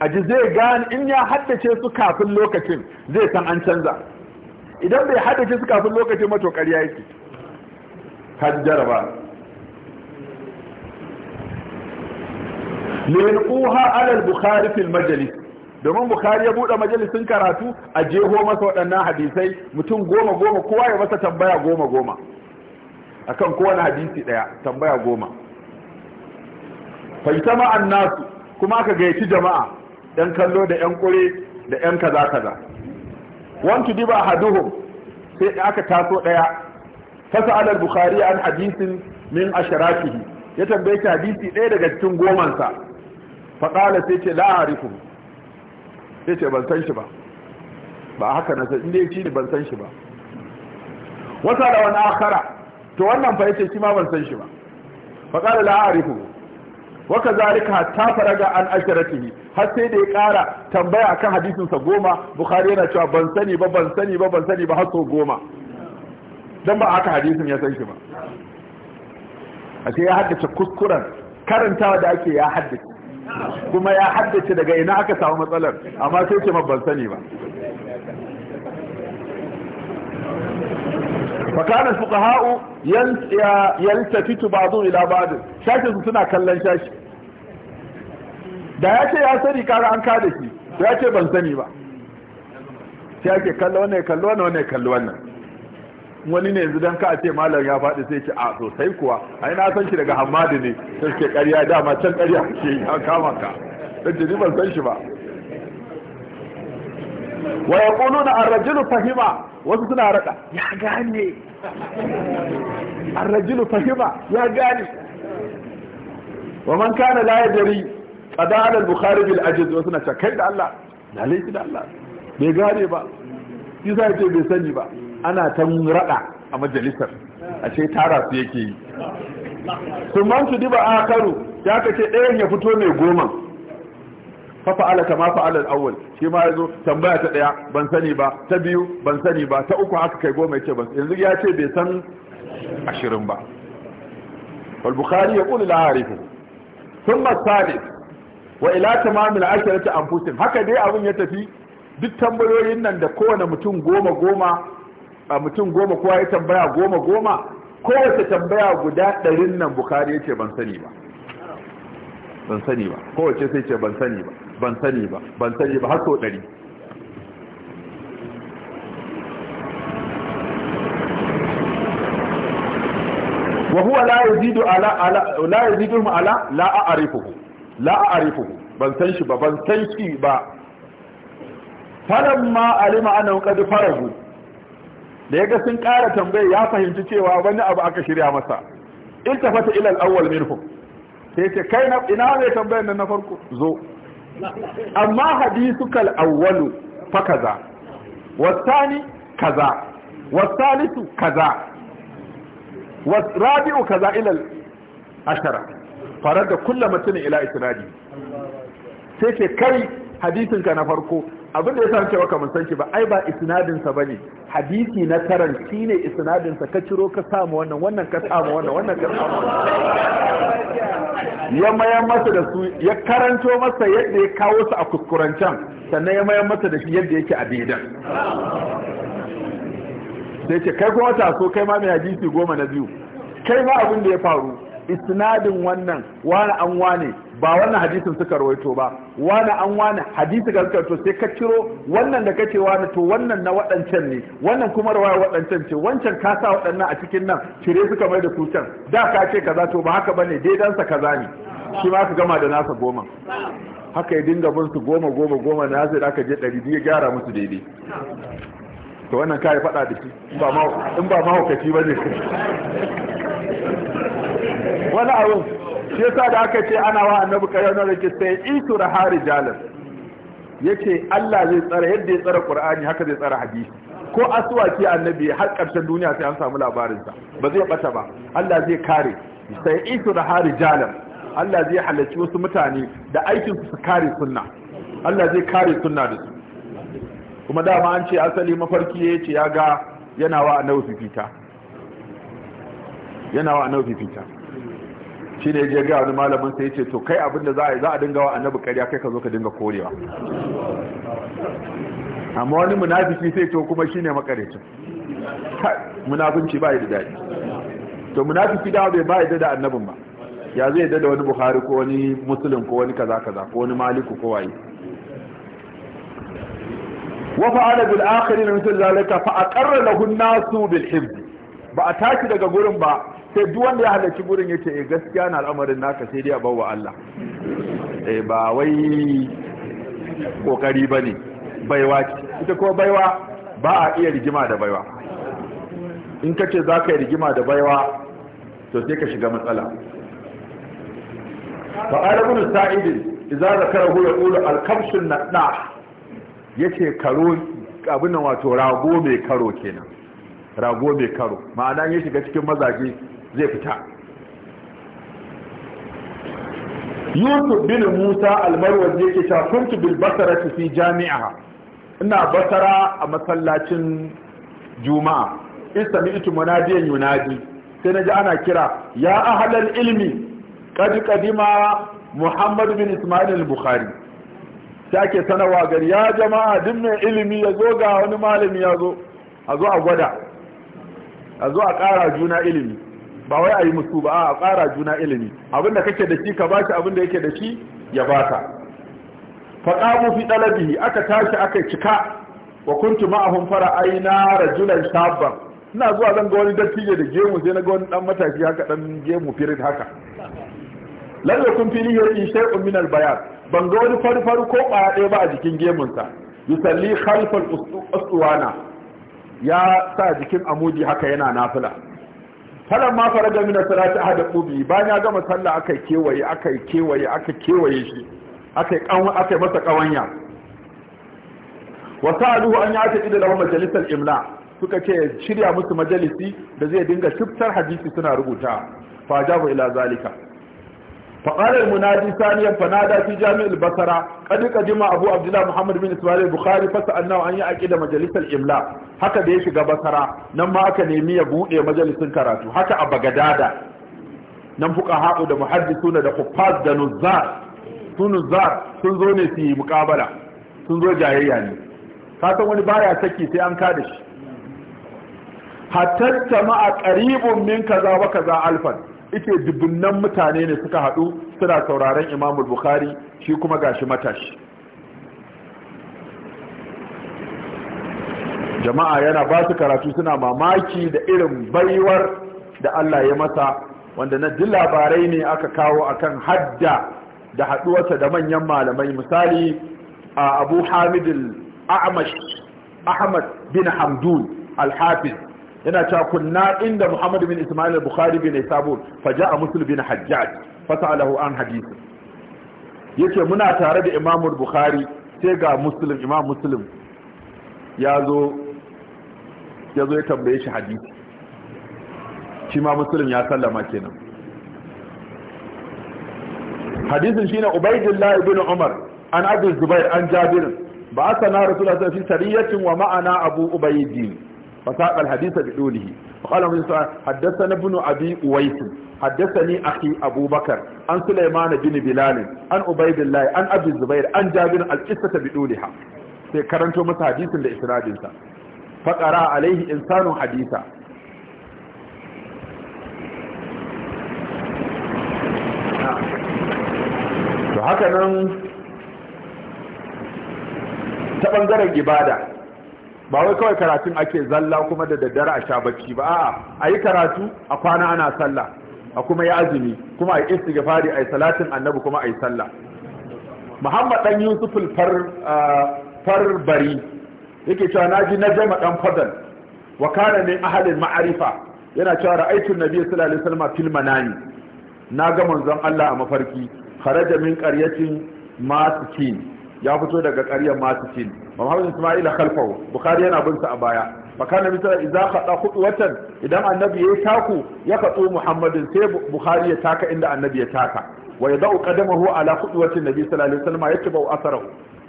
aji zai gane in ya haddace su kafin lokacin zai san an canza idan bai haddace su kafin lokacin mato ƙarya yake kan jaraba lilquha ala al-bukhari fil majalis domin bukhari ya bude majalisin karatu a jeho masa waɗannan hadisai mutum goma goma kowa ya masa tambaya goma goma akan kowane hadisi daya tambaya goma faitama annasu kuma aka gayyaci jama'a yan kallo da yan kure da yan kaza kaza wantu diba haduhum sai aka taso daya fasal al-bukhari an hadithin min asharatihi ya tambaye hadisi daya daga cikin goman sa qala sai ce la arifu sai ce ban san shi ba ba haka na sai inda ni ban san shi ba wasa da wani akara to wannan fa yace shi ma ban san shi ba qala la arifu waka zalika hatta faraga an asharatihi har sai da ya kara tambaya akan hadisin sa goma bukhari yana cewa ban sani ba ban sani ba ban sani ba har so goma dan ba aka hadisin ya san shi ba A ce ya haddace kuskuren karantawa da ake ya haddace kuma ya haddace daga ina aka samu matsalar amma sai ce ma ban sani ba fakanan fuqaha'u yaltafitu ba'dhu ila ba'd shakin su suna kallon shashi da ya ce ya sani kara an kada shi ya ce ban sani ba sai ake kallo wannan kallo wannan wannan kallo wannan wani ne yanzu dan ka a ce malam ya faɗi sai ce a sosai kuwa ai na san shi daga Hammadu ne sai ce ƙarya dama can ƙarya ke ya kama ka sai jini ban san shi ba wa yaquluna ar-rajulu fahima wasu suna rada ya gane arrajulu fahima ya gane wa man kana la yadri qada'a al-bukhari bil ajiz wa sunna kai da Allah da laifi da Allah bai gane ba shi sai ce bai sani ba ana ta rada a majalisar ashe tara su yake yi sun su diba akaru ya kace ɗayan ya fito mai goma fa fa'ala kama fa'ala al-awwal shi ma yazo tambaya ta daya ban sani ba ta biyu ban sani ba ta uku haka kai goma yace ban yanzu ya ce bai san ashirin ba wal bukhari yaqulu al-arif thumma salih wa ila tamam al-ashrati anfusihim haka dai abun ya tafi duk tambayoyin nan da kowane mutum goma goma a mutum goma kowa ya tambaya goma goma kowace tambaya guda ɗarin nan bukari ya ce ban sani ba ban sani ba kowace sai ce ban sani ba ban sani ba ban sani ba har sau ɗari wa huwa la yazidu ala ala la yazidu ala la a'rifuhu la a'rifuhu ban san shi ba ban san shi ba falamma alima annahu qad farahu da yaga sun ƙara tambaye ya fahimci cewa wani abu aka shirya masa iltafata ila al-awwal minhum sai ce kai na ina ne tambayar nan na farko zo amma kal awwalu fa kaza wasani kaza wasalisu kaza wasrabi'u kaza ila ashara farar da kullum mutum ila isnadi sai ce kai hadisin ka na farko abin da yasa cewa ka mun san shi ba ai ba isnadin sa bane hadisi na taran shine isnadin sa ka ciro ka samu wannan wannan ka samu wannan wannan ka samu ya mayan masa da su ya karanto masa yadda ya kawo su a kuskurancen sannan ya mayar masa da shi yadda yake a daidan sai yake kai kuma taso kai ma mai hadisi goma na biyu kai ma abin da ya faru isnadin wannan wani an wane ba wannan hadisin suka rawaito ba wani an wani hadisi ga suka to sai ka ciro wannan da kace wani to wannan na waɗancan ne wannan kuma rawaya waɗancan ce wancan ka sa waɗannan a cikin nan cire suka mai da kucan da ka ce kaza to ba haka bane dan sa kaza ne shi ma ka gama da nasa goma haka ya dinga bin su goma goma goma na da aka je ɗari biyu gyara musu daidai to wannan kai faɗa da shi in ba ma in ba ne wani abu. shi yasa da aka ce ana wa annabi kayan na rake sai itu rahari jalal yace Allah zai tsara yadda ya tsara Qur'ani haka zai tsara hadisi ko aswaki annabi har karshen duniya sai an samu labarin sa ba zai bata ba Allah zai kare sai itu rahari Jalal, Allah zai halarci wasu mutane da aikin su kare sunna Allah zai kare sunna da su kuma dama an ce asali mafarki ya ce ya ga yana wa annabi fita. yana wa annabi fita. shi ne ya gaya wani malamin sai ya ce to kai abin da za a yi za a dinga wa annabi karya kai ka zo ka dinga korewa amma wani munafiki sai to kuma shi ne makarici munafinci ba yi da daɗi to munafiki da bai ba yi da annabin ba ya zai yi da wani buhari ko wani musulun ko wani kaza kaza ko wani maliku ko waye wa fa'ala bil akhirin min zalika fa aqarra lahu an-nasu bil hifz ba a tashi daga gurin ba sai duk wanda ya halarci gurin yace eh gaskiya na al'amarin naka sai dai a bawa Allah eh ba wai kokari bane baiwa ce ita ko baiwa ba a iya rigima da baiwa in kace zaka yi rigima da baiwa to sai ka shiga matsala fa'ala ibn sa'id idza zakarahu yaqulu al-kabsh na yace karo abin nan wato rago mai karo kenan rago mai karo ma'ana ya shiga cikin mazaje zai fita yusuf bin musa almarwazi yake ta kuntu basara fi jami'a ina basara a masallacin juma'a in sami itu munadiyan yunadi sai na ji ana kira ya ahalar ilmi kadi kadima muhammadu bin ismail al-bukhari ta ke sanarwa gari ya jama'a duk mai ilimi ya zo ga wani malami ya zo a zo a gwada a zo a ƙara juna ilimi ba wai a yi musu ba a ƙara juna ilimi abin da kake da shi ka bashi abin da yake da shi ya ba baka mu fi talabihi aka tashi aka cika wa kuntu ma'ahum fara'ayna rajulan shabban ina zuwa zan ga wani dattijo da gemu sai na ga wani dan matashi haka dan gemu firin haka ya kun fili yayi shay'un min al-bayan ban ga wani farfaru ko ƙwaya ba a jikin gemun gemunsa yusalli khalfal aswana ya sa jikin amudi haka yana nafila falan ma faraga mina salati ahad qubi bayan ya gama sallah aka kewaye aka kewaye aka kewaye shi aka kan aka masa kawanya wa sa'aduhu an ya ta ila lahum majalisal imla suka ce shirya musu majalisi da zai dinga shiftar hadisi suna rubuta Fa jabu ila zalika فقال المنادي ثانيا فنادى في basara البصره قد قدم ابو عبد الله محمد بن اسماعيل البخاري فسالناه ان يعقد مجلس الاملاء حتى da ya shiga basara nan ma aka nemi ya karatu haka a bagadada nan fuka haɗu da muhaddisu da kufas da nuzar su nuzar sun zo ne su yi mukabala sun zo jayayya ne kasan wani baya saki sai an kada shi hatta ma a ƙaribin min kaza wa kaza alfan ita dubunnan mutane ne suka haɗu suna sauraron imamul bukhari shi kuma gashi matashi jama'a yana ba su karatu suna mamaki da irin baiwar da allah ya masa wanda na duk labarai ne aka kawo akan hadda da haɗuwarsa da manyan malamai misali a abu hamidul ahmad bin hamdun al-hafiz yana cewa kunna inda Muhammad bin Ismail al-Bukhari bin Isabul ja'a Muslim bin Hajjaj sa'alahu an hadith yace muna tare da Imam al-Bukhari sai ga Muslim Imam Muslim ya zo ya zo ya tambaye shi hadisi shi ma Muslim ya sallama kenan hadisin shine Ubaydullah ibn Umar an Abi Zubair an Jabir ba'athana Rasulullah sallallahu alaihi wasallam wa ma'ana Abu Ubaydin فساق الحديث بقوله وقال ابن سعد حدثنا ابن ابي اويس حدثني اخي ابو بكر عن سليمان بن بلال عن عبيد الله عن ابي الزبير عن جابر القصه بقولها sai karanto masa hadisin da isnadin sa faqara alaihi insanu hadisa to haka nan ta bangaren ibada ba wai kawai karatun ake zalla kuma da daddare a sha bacci ba a'a ayi karatu a kwana ana sallah a kuma yi azumi kuma a istighfari a salatin annabi kuma a yi sallah muhammad dan yusuf far farbari yake cewa naji najama dan fadal wa kana min ahli ma'arifa yana cewa ra'aytu nabi sallallahu alaihi wasallam fil manami na ga manzon Allah a mafarki kharaja min qaryatin masikin ya fito daga ƙaryar masikin Muhammad Isma'il khalfahu Bukhari yana bin sa a baya makan nabi sallallahu alaihi wasallam idza khada khutwatan idan annabi ya taku ya katsu Muhammadin sai Bukhari ya taka inda annabi ya taka wa yadau qadamahu ala khutwatin nabi sallallahu alaihi wasallam yatba'u atharahu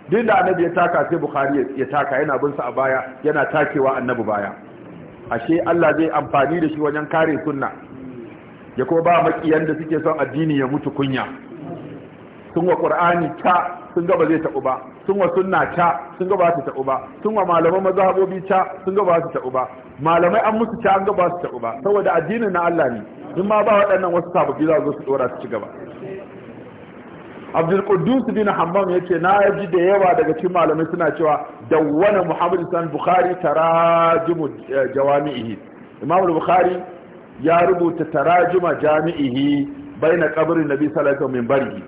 Din da annabi ya taka sai Bukhari ya taka yana bin sa a baya yana takewa annabi baya ashe Allah zai amfani da shi wajen kare sunna ya ko ba makiyan da suke son addini ya mutu kunya sun wa qur'ani ta sun ga ba zai tabu ba sun wa sunna ca sun ga ba su ba sun wa malaman mazhabobi ca sun ga ba su ba malamai an musu ca an ga ba su ta'u ba saboda addinin na Allah ne in ma ba waɗannan wasu sababbi za su dora su ci gaba Abdul Quddus bin Hammam yace na ji da yawa daga cikin malamai suna cewa dawwana Muhammad san Bukhari tarajimu eh, jawami'ihi Imam Bukhari ya rubuta tarajuma jami'ihi baina qabrin Nabi sallallahu alaihi wasallam min barihi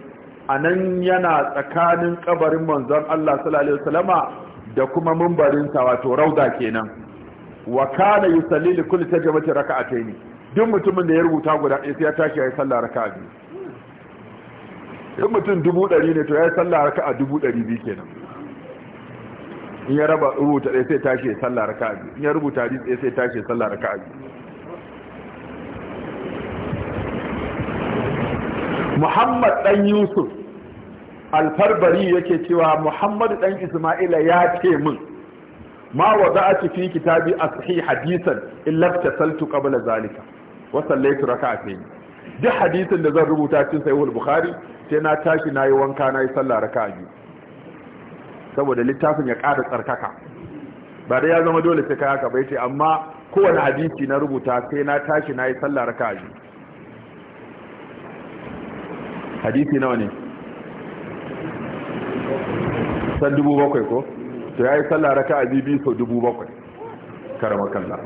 a nan yana tsakanin kabarin manzon Allah sallallahu alaihi wasallama da kuma mimbarinsa wato rauda kenan wa kana yusalli li kulli tajabati raka'atayn duk mutumin da ya rubuta guda ɗaya sai ya tashi ya yi sallah raka'a biyu duk mutum dubu ɗari ne to ya yi sallah raka'a dubu ɗari biyu kenan in ya raba rubuta ɗaya sai tashi ya sallah raka'a biyu in ya rubuta hadisi ɗaya sai tashi ya sallah raka'a biyu muhammad dan yusuf alfarbari yake cewa muhammadu dan isma'ila ya ce min ma a fi kitabi ashi hadisan illa tasaltu qabla zalika wa sallaitu rak'atayn duk hadisin da zan rubuta cikin sahihul bukhari sai na tashi nayi wanka nayi sallah raka'a biyu saboda littafin ya ƙara tsarkaka ba dai ya zama dole sai ka haka bai ce amma kowane hadisi na rubuta sai na tashi nayi sallah raka'a biyu hadisi nawa ne san dubu bakwai ko to ya yi sallah raka a bibi so dubu bakwai karama kalla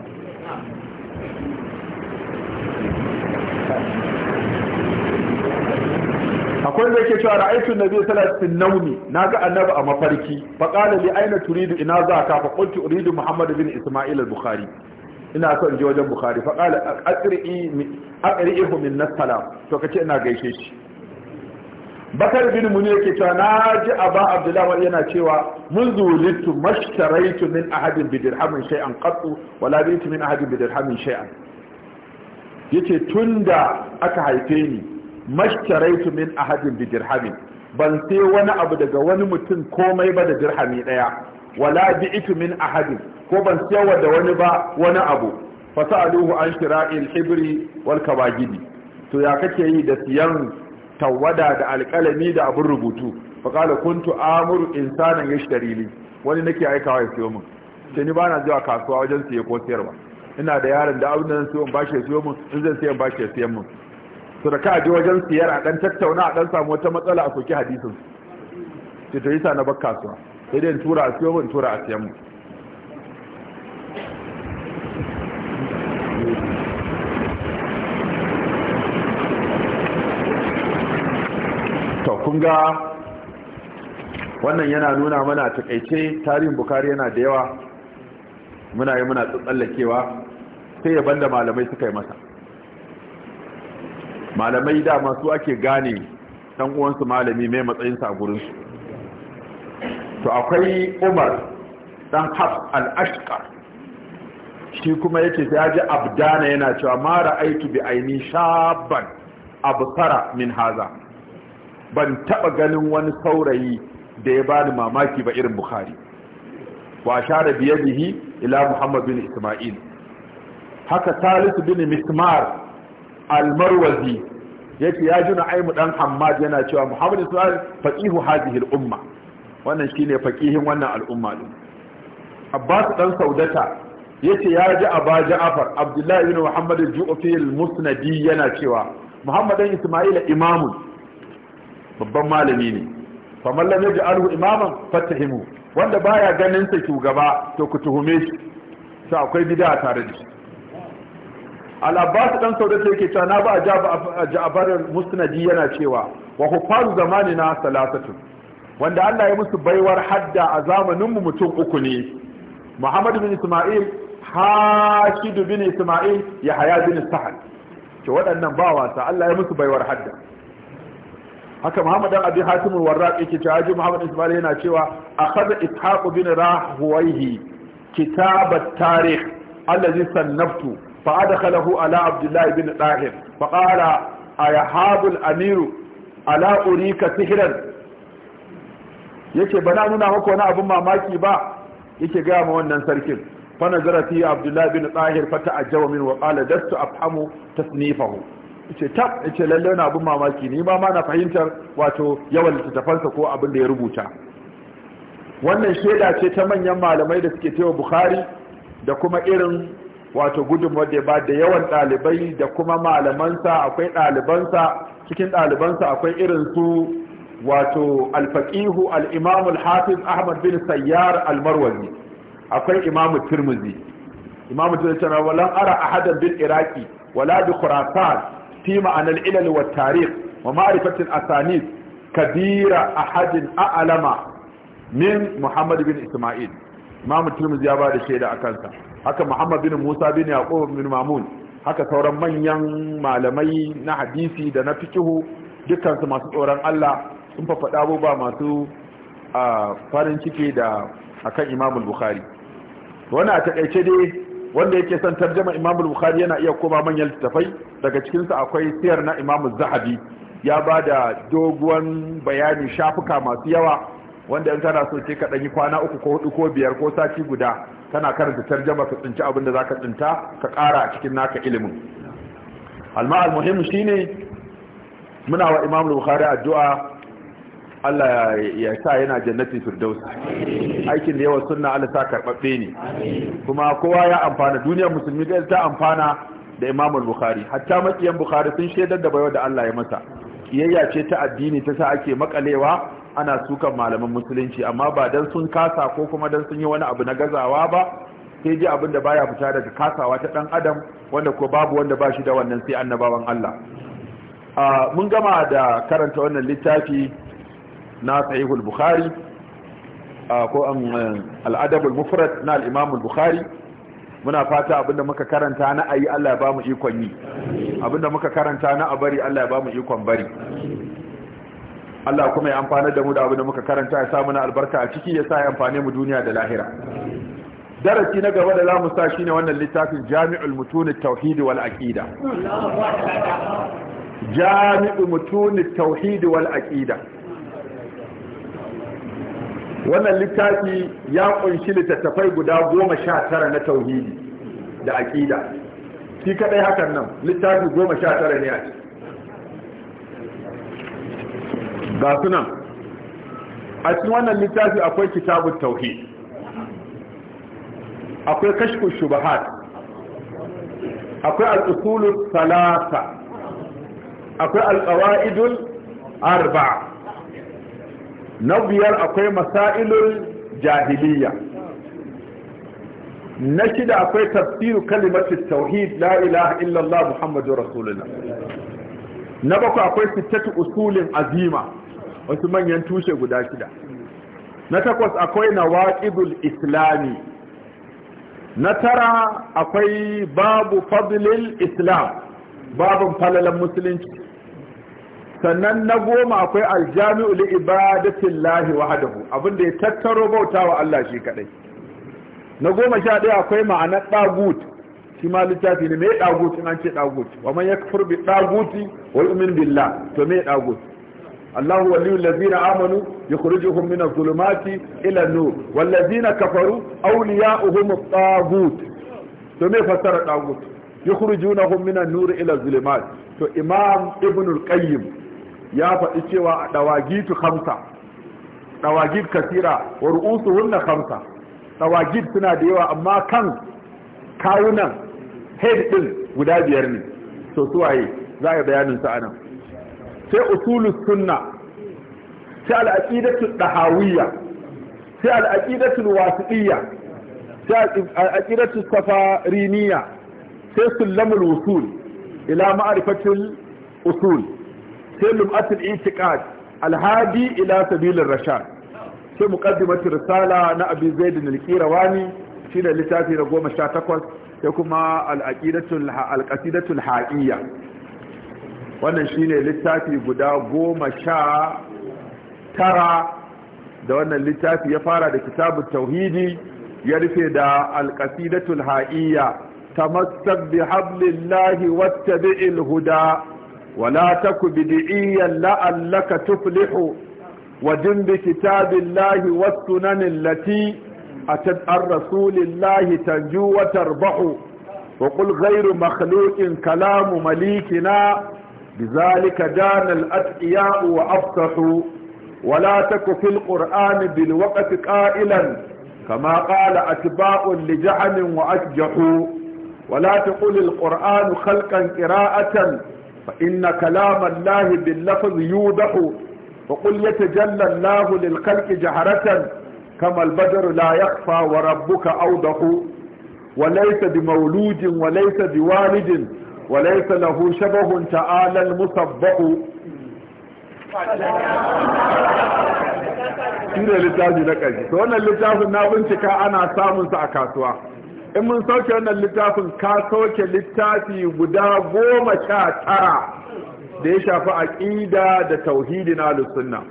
akwai da yake cewa ra'aytu na sallallahu alaihi wasallam nauni ga annabi a mafarki fa qala li aina turidu ina za ka fa qultu uridu Muhammadu bin isma'il al-bukhari ina son je wajen bukhari fa a aqri'i aqri'ihu min nas-salam to kace ina gaishe shi bakar bin muni yake cewa na ji aba abdullahi yana cewa mun zulitu mashtaraitu min ahadin bi dirhamin shay'an qattu wala bitu min ahadin bi dirhamin shay'an yace tunda aka haife ni mashtaraitu min ahadin bidir dirhamin ban sai wani abu daga wani mutum komai ba da dirhami daya wala bitu min ahadin ko ban sayawa da wani ba wani abu fasaaluhu an shira'il hibri wal kabagidi to ya kake yi da siyan tawada da alƙalami da abin rubutu faƙala kuntu amuru insanan ya shari wani nake aikawa ya siyo min sai ni ba na zuwa kasuwa wajen siye ko siyarwa ina da yaron da abin da zan siyo bashi ya siyo min in zan siyan bashi ya siyan min to da ka je wajen siyar a dan tattauna a dan samu wata matsala a soki hadisin sai to yasa na bar kasuwa sai dai in tura a siyo min tura a siyan min kun wannan yana nuna mana takaice tarihin bukari yana da yawa muna yi muna tsallakewa sai ya banda malamai suka yi masa malamai da masu ake gane ɗan uwansu malami mai matsayin a su to akwai umar ɗan haf al shi kuma yake sai ji abdana yana cewa mara aiki bi aini shaban absara min haza ban taba ganin wani saurayi da ya bani mamaki ba irin bukhari wa ashara bi ila muhammad bin isma'il haka salisu bin mismar almarwazi, marwazi yace ya na aimu dan hammad yana cewa muhammad Isma'il faqihu hadhihi al-umma wannan shine faqihin wannan al'umma din abbas dan saudata yace ya ji aba ja'far abdullahi bin muhammad al-ju'fi al-musnadi yana cewa muhammadan isma'il imamun babban malami ne faman da yaj'alhu imaman fatahimu wanda baya ganin sa shugaba to ku tuhume shi sai akwai bid'a tare da shi al-abbas dan sauda sai yake cewa na ba ja'far musnadi yana cewa wa zamani na salasatu wanda Allah ya musu baiwar hadda a zamanin mu mutum uku ne Muhammad bin Isma'il Hashid bin Isma'il Yahya bin Sahal to waɗannan ba wasa Allah ya musu baiwar hadda haka Muhammad dan Abi Hatim al-Warraq yake cewa Muhammad Ismail yana cewa akhadha Ishaq bin Rahwayhi kitab at-tarikh alladhi sannaftu fa adkhalahu ala Abdullah ibn Tahir fa qala ayahabu al-amir ala urika sihran yace bana nuna maka wani abun mamaki ba yake ga ma wannan sarkin fa nazara fi Abdullah ibn Tahir fa ta'ajjaba min wa qala dastu afhamu tasnifahu ce tab ya ce lalle na abin mamaki ne ba ma na fahimtar wato yawan littattafansa ko abin da ya rubuta wannan shaida ce ta manyan malamai da suke tewa bukhari da kuma irin wato gudunmuwar da ba da yawan ɗalibai da kuma malamansa akwai ɗalibansa cikin ɗalibansa akwai irin su wato alfaqihu al-imam al-hafiz ahmad bin sayyar al-marwazi akwai imam tirmizi imam tirmizi tana walan ara ahadan bil iraqi wala bi khurasan في معنى العلل والتاريخ ومعرفة الأسانيد كبير Alama, أعلم من محمد بن إسماعيل إمام الترمذي يا بعد شيء أكنسا haka Muhammad bin Musa bin Yaqub bin Mamun haka sauran manyan malamai na hadisi da na fikihu dukansu masu tsoron Allah sun faɗa abubuwa masu ah, farin ciki da akan Imamul Bukhari wannan a takaice dai wanda yake son tarjama Imam Bukhari yana iya koma manyan littafai daga cikin sa akwai siyar na Imam Zahabi ya ba da doguwan bayani shafuka masu yawa wanda in tana so ce ka danyi kwana uku ko hudu ko biyar ko sati guda kana karanta tarjama ka tsinci abin da za ka tsinta ka ƙara a cikin naka ilimin alma al shine muna wa Imam Bukhari addu'a Allah ya sa yana jannatin firdaus aikin da yawa sunna Allah ta karɓaɓɓe ne kuma kowa ya amfana duniyar musulmi da ta amfana da imamul bukhari hatta makiyan bukhari sun shaidar da baiwa da Allah ya masa kiyayya ce ta addini ta sa ake makalewa ana sukan malaman musulunci amma ba dan sun kasa ko kuma dan sun yi wani abu na gazawa ba sai ji abin da baya fita daga kasawa ta dan adam wanda ko babu wanda ba shi da wannan sai annabawan Allah ah, mun gama da karanta wannan littafi na sahihul bukhari ko um, al'adabul mufrad na al'imamul bukhari muna fata abinda muka karanta na ayi Allah ya ba mu ikon yi abinda muka karanta na bari Allah ya ba mu ikon bari Allah kuma ya amfana da mu da abinda muka karanta ya sa muna albarka a ciki ya sa ya amfane mu duniya da lahira darasi na gaba da za mu sa shi ne wannan littafin Jami'ul Mutun at-Tauhid wal Aqida Jami'ul Mutun at-Tauhid wal Aqida wannan littafi ya kunshi littattafai guda goma sha tara na tauhidi da aƙida shi kadai hakan nan littafi goma sha tara ne a ce. ga sunan a cikin wannan littafi akwai kitabun tauhid akwai kashkun shubahat akwai al'usulun salasa akwai al'awa'idun arba'a na biyar akwai masailul jahiliya na shida akwai tafsiru kalimatin tauhid la ilaha illallah muhammadu rasulullah na bakwai akwai sittatu usulin azima wasu manyan tushe guda shida na takwas akwai nawaqidul islami na tara akwai babu fadlil islam babun falalan musulunci sannan na goma akwai aljami'u li ibadatillahi wahdahu abinda ya tattaro bautawa Allah shi kadai na goma sha ɗaya akwai ma'anar ɗagut shi ma littafi ne mai ɗagut in an ce ɗagut wa man yakfur bi ɗaguti wa yu'min billah to mai ɗagut Allahu waliyul lazina amanu yukhrijuhum min adh-dhulumati ila an-nur wal ladzina kafaru awliya'uhum at-taghut to mai fassara ɗagut yukhrijunahum min an-nur ila to Imam Ibn al ya faɗi cewa a ɗawagitu hamsa ɗawagit kasira wa ru'usu hunna hamsa ɗawagit suna da yawa amma kan kayunan head ɗin guda biyar ne so waye za a yi bayanin sa anan sai usulu sunna sai al'aqidatu dahawiyya sai al'aqidatu wasiqiyya sai al'aqidatu safariniyya sai sulamul wusul ila ma'rifatul usul sai lum'atul itiqad alhadi ila sabilir rashad sai muqaddimatu risala na abi zaid al-qirawani shine littafi na 18 sai kuma al aqidatu al al-haqiya wannan shine littafi guda 19 da wannan littafi ya fara da kitabut tauhidi ya rufe da al-qasidatul qasidatu tamassab tamassak bihablillahi wattabi'il huda ولا تك بدعيا لعلك تفلح ودن بكتاب الله والسنن التي أتت عن رسول الله تنجو وتربح وقل غير مخلوق كلام مليكنا بذلك دان الأتقياء وأفصحوا ولا تك في القرآن بالوقت قائلا كما قال أتباع لجعن وأشجحوا ولا تقل القرآن خلقا قراءة فإن كلام الله باللفظ يوضح وقل يتجلى الله للخلق جهرة كما البدر لا يخفى وربك أوضح وليس بمولود وليس بوالد وليس له شبه تعالى المصبح shine littafi na ƙarshe to wannan littafin na bincika ana samun a kasuwa in mun sauke wannan littafin ka sauke littafi guda goma sha tara da ya shafi aƙida da tauhidi na alusunna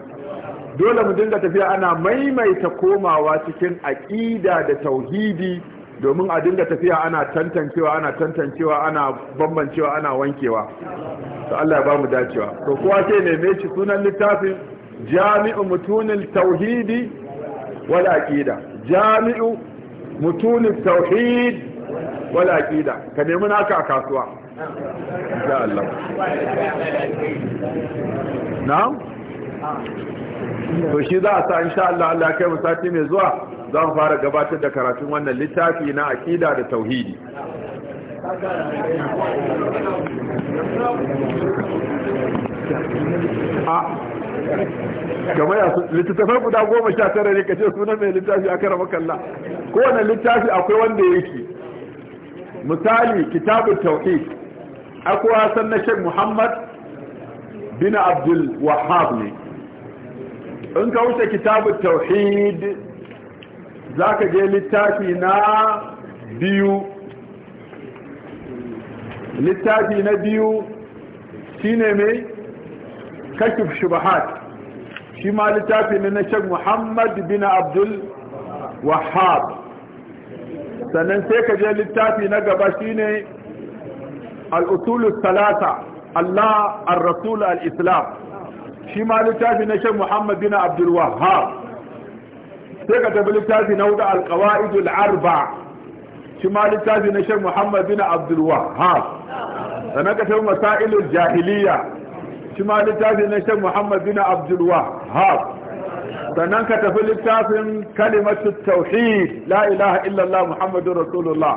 dole mu dinga tafiya ana maimaita komawa cikin aƙida da tauhidi domin a dinga tafiya ana tantancewa ana tantancewa ana bambancewa ana wankewa to Allah ya ba mu dacewa to kowa sai neme shi sunan littafin jami'u mutunin tauhidi wal aqida jami'u mutunin tauhid wal aqida ka nemi naka a kasuwa insha Allah to shi za a sa insha Allah Allah kai mu sati mai zuwa za mu fara gabatar da karatun wannan littafi na aqida da tauhidi a kamar ya littattafai guda goma sha tara ne ka ce sunan mai littafi a rama kalla kowane littafi akwai wanda yake misali kitabun tauhid akwai wasan na shek muhammad bin abdul wahab ne in ka wuce kitabun tauki za ka je littafi na biyu littafi na biyu shine mai kashif shubahat shi ma littafi na shek muhammad bin abdul wahab sannan sai ka je littafi na gaba shine al'usulu talata Allah al-rasul al-islam shi littafi na shek muhammad bin abdul wahab sai ka tafi littafi na hudu alkawa'idul arba shi ma littafi na shek muhammad bin abdul wahab tafi masailul jahiliya shi ma littafin na shan muhammad bin abdulwa ha sannan ka tafi littafin kalimatu tauhid la ilaha illallah muhammadun rasulullah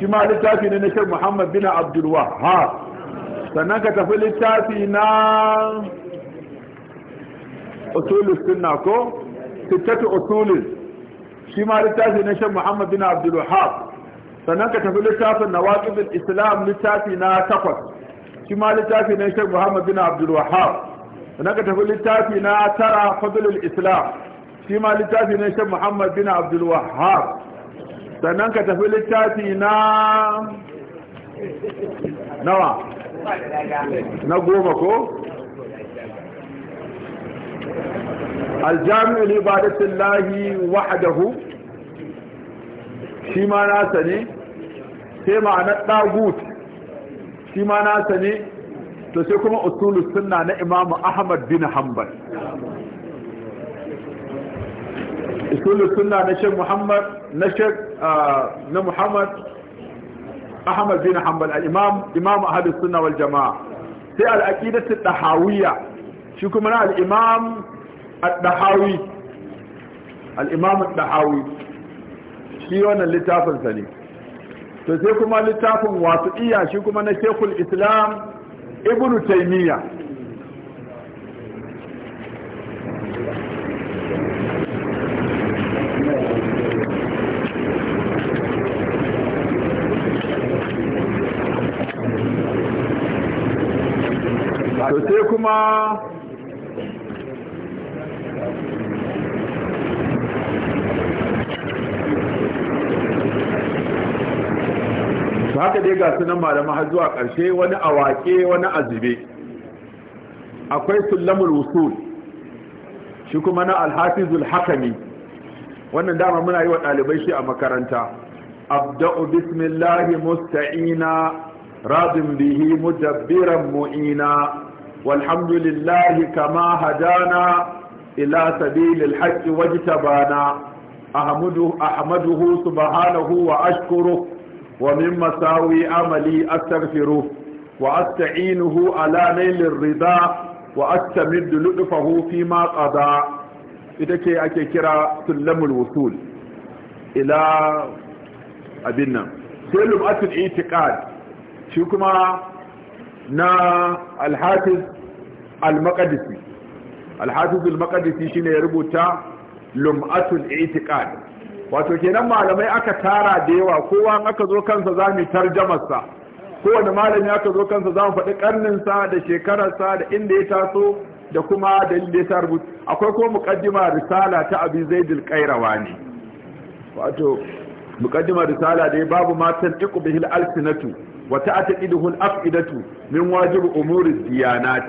shi ma littafi ne na shan muhammad bin abdulwa ha sannan ka tafi littafi na usulus sunna ko sittatu usulus shi ma littafi na shan muhammad bin abdulwahab sannan ka tafi littafin nawaqibul islam littafi na takwas shi ma littafi na shek muhammad bin abdul wahab sannan ka tafi littafi na tara fadlul islam shi ma littafi na shek muhammad bin abdul wahab sannan ka tafi littafi na nawa na goma ko aljami'u libadatillahi wahdahu shi ma na sani sai ma ma'anar dagut shi ma nasa ne to sai kuma usulu sunna na imamu ahmad bin hanbal usulu sunna na shek muhammad na shek na muhammad ahmad bin hanbal al-imam imam ahli sunna wal jamaa sai al-aqidatu tahawiyya shi kuma na al-imam al dahawi al-imam al dahawi shi wannan littafin sa ne to sai kuma littafin wasu iya shi kuma na shekul islam ibn taimiyya to sai kuma dai ga sunan malama har zuwa ƙarshe wani a waƙe wani a zube akwai sullamul wusul shi kuma na alhafizul hakami wannan dama muna yi wa ɗalibai shi a makaranta abda'u bismillahi musta'ina radin bihi mudabbiran mu'ina walhamdulillahi kama hadana ila sabilil haqqi wajtabana ahmaduhu subhanahu wa ashkuruhu ومن مساوي عملي أستغفره وأستعينه على نيل الرضا وأستمد لطفه فيما قضى إذا أكي كرا سلم الوصول إلى أبنا سلم أسل إيتقاد شكما نا الحافظ المقدسي الحافظ المقدسي شين يربط لمعة الإيتقاد wato kenan malamai aka tara da yawa kowa aka zo kansa za mu tarjamarsa kowane malami aka zo kansa za mu faɗi ƙarninsa da shekararsa da inda ya taso da kuma da inda ya sa rubutu akwai kuma muƙaddima risala ta abi zaidul qairawa ne wato muƙaddima risala da babu matan tiku bihil alsinatu wa ta'taqiduhu afidatu min wajib umuri diyanat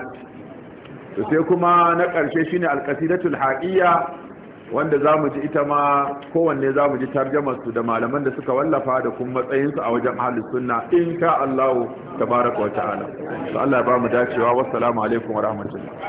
sai kuma na ƙarshe shine al haqiya wanda za mu ji ita ma kowanne za mu ji tarjamarsu da malaman da suka wallafa da kuma matsayinsu a wajen ahalus sunna in ka Allah tabaraka wa ta'ala to Allah ya ba mu dacewa wassalamu alaikum wa rahmatullah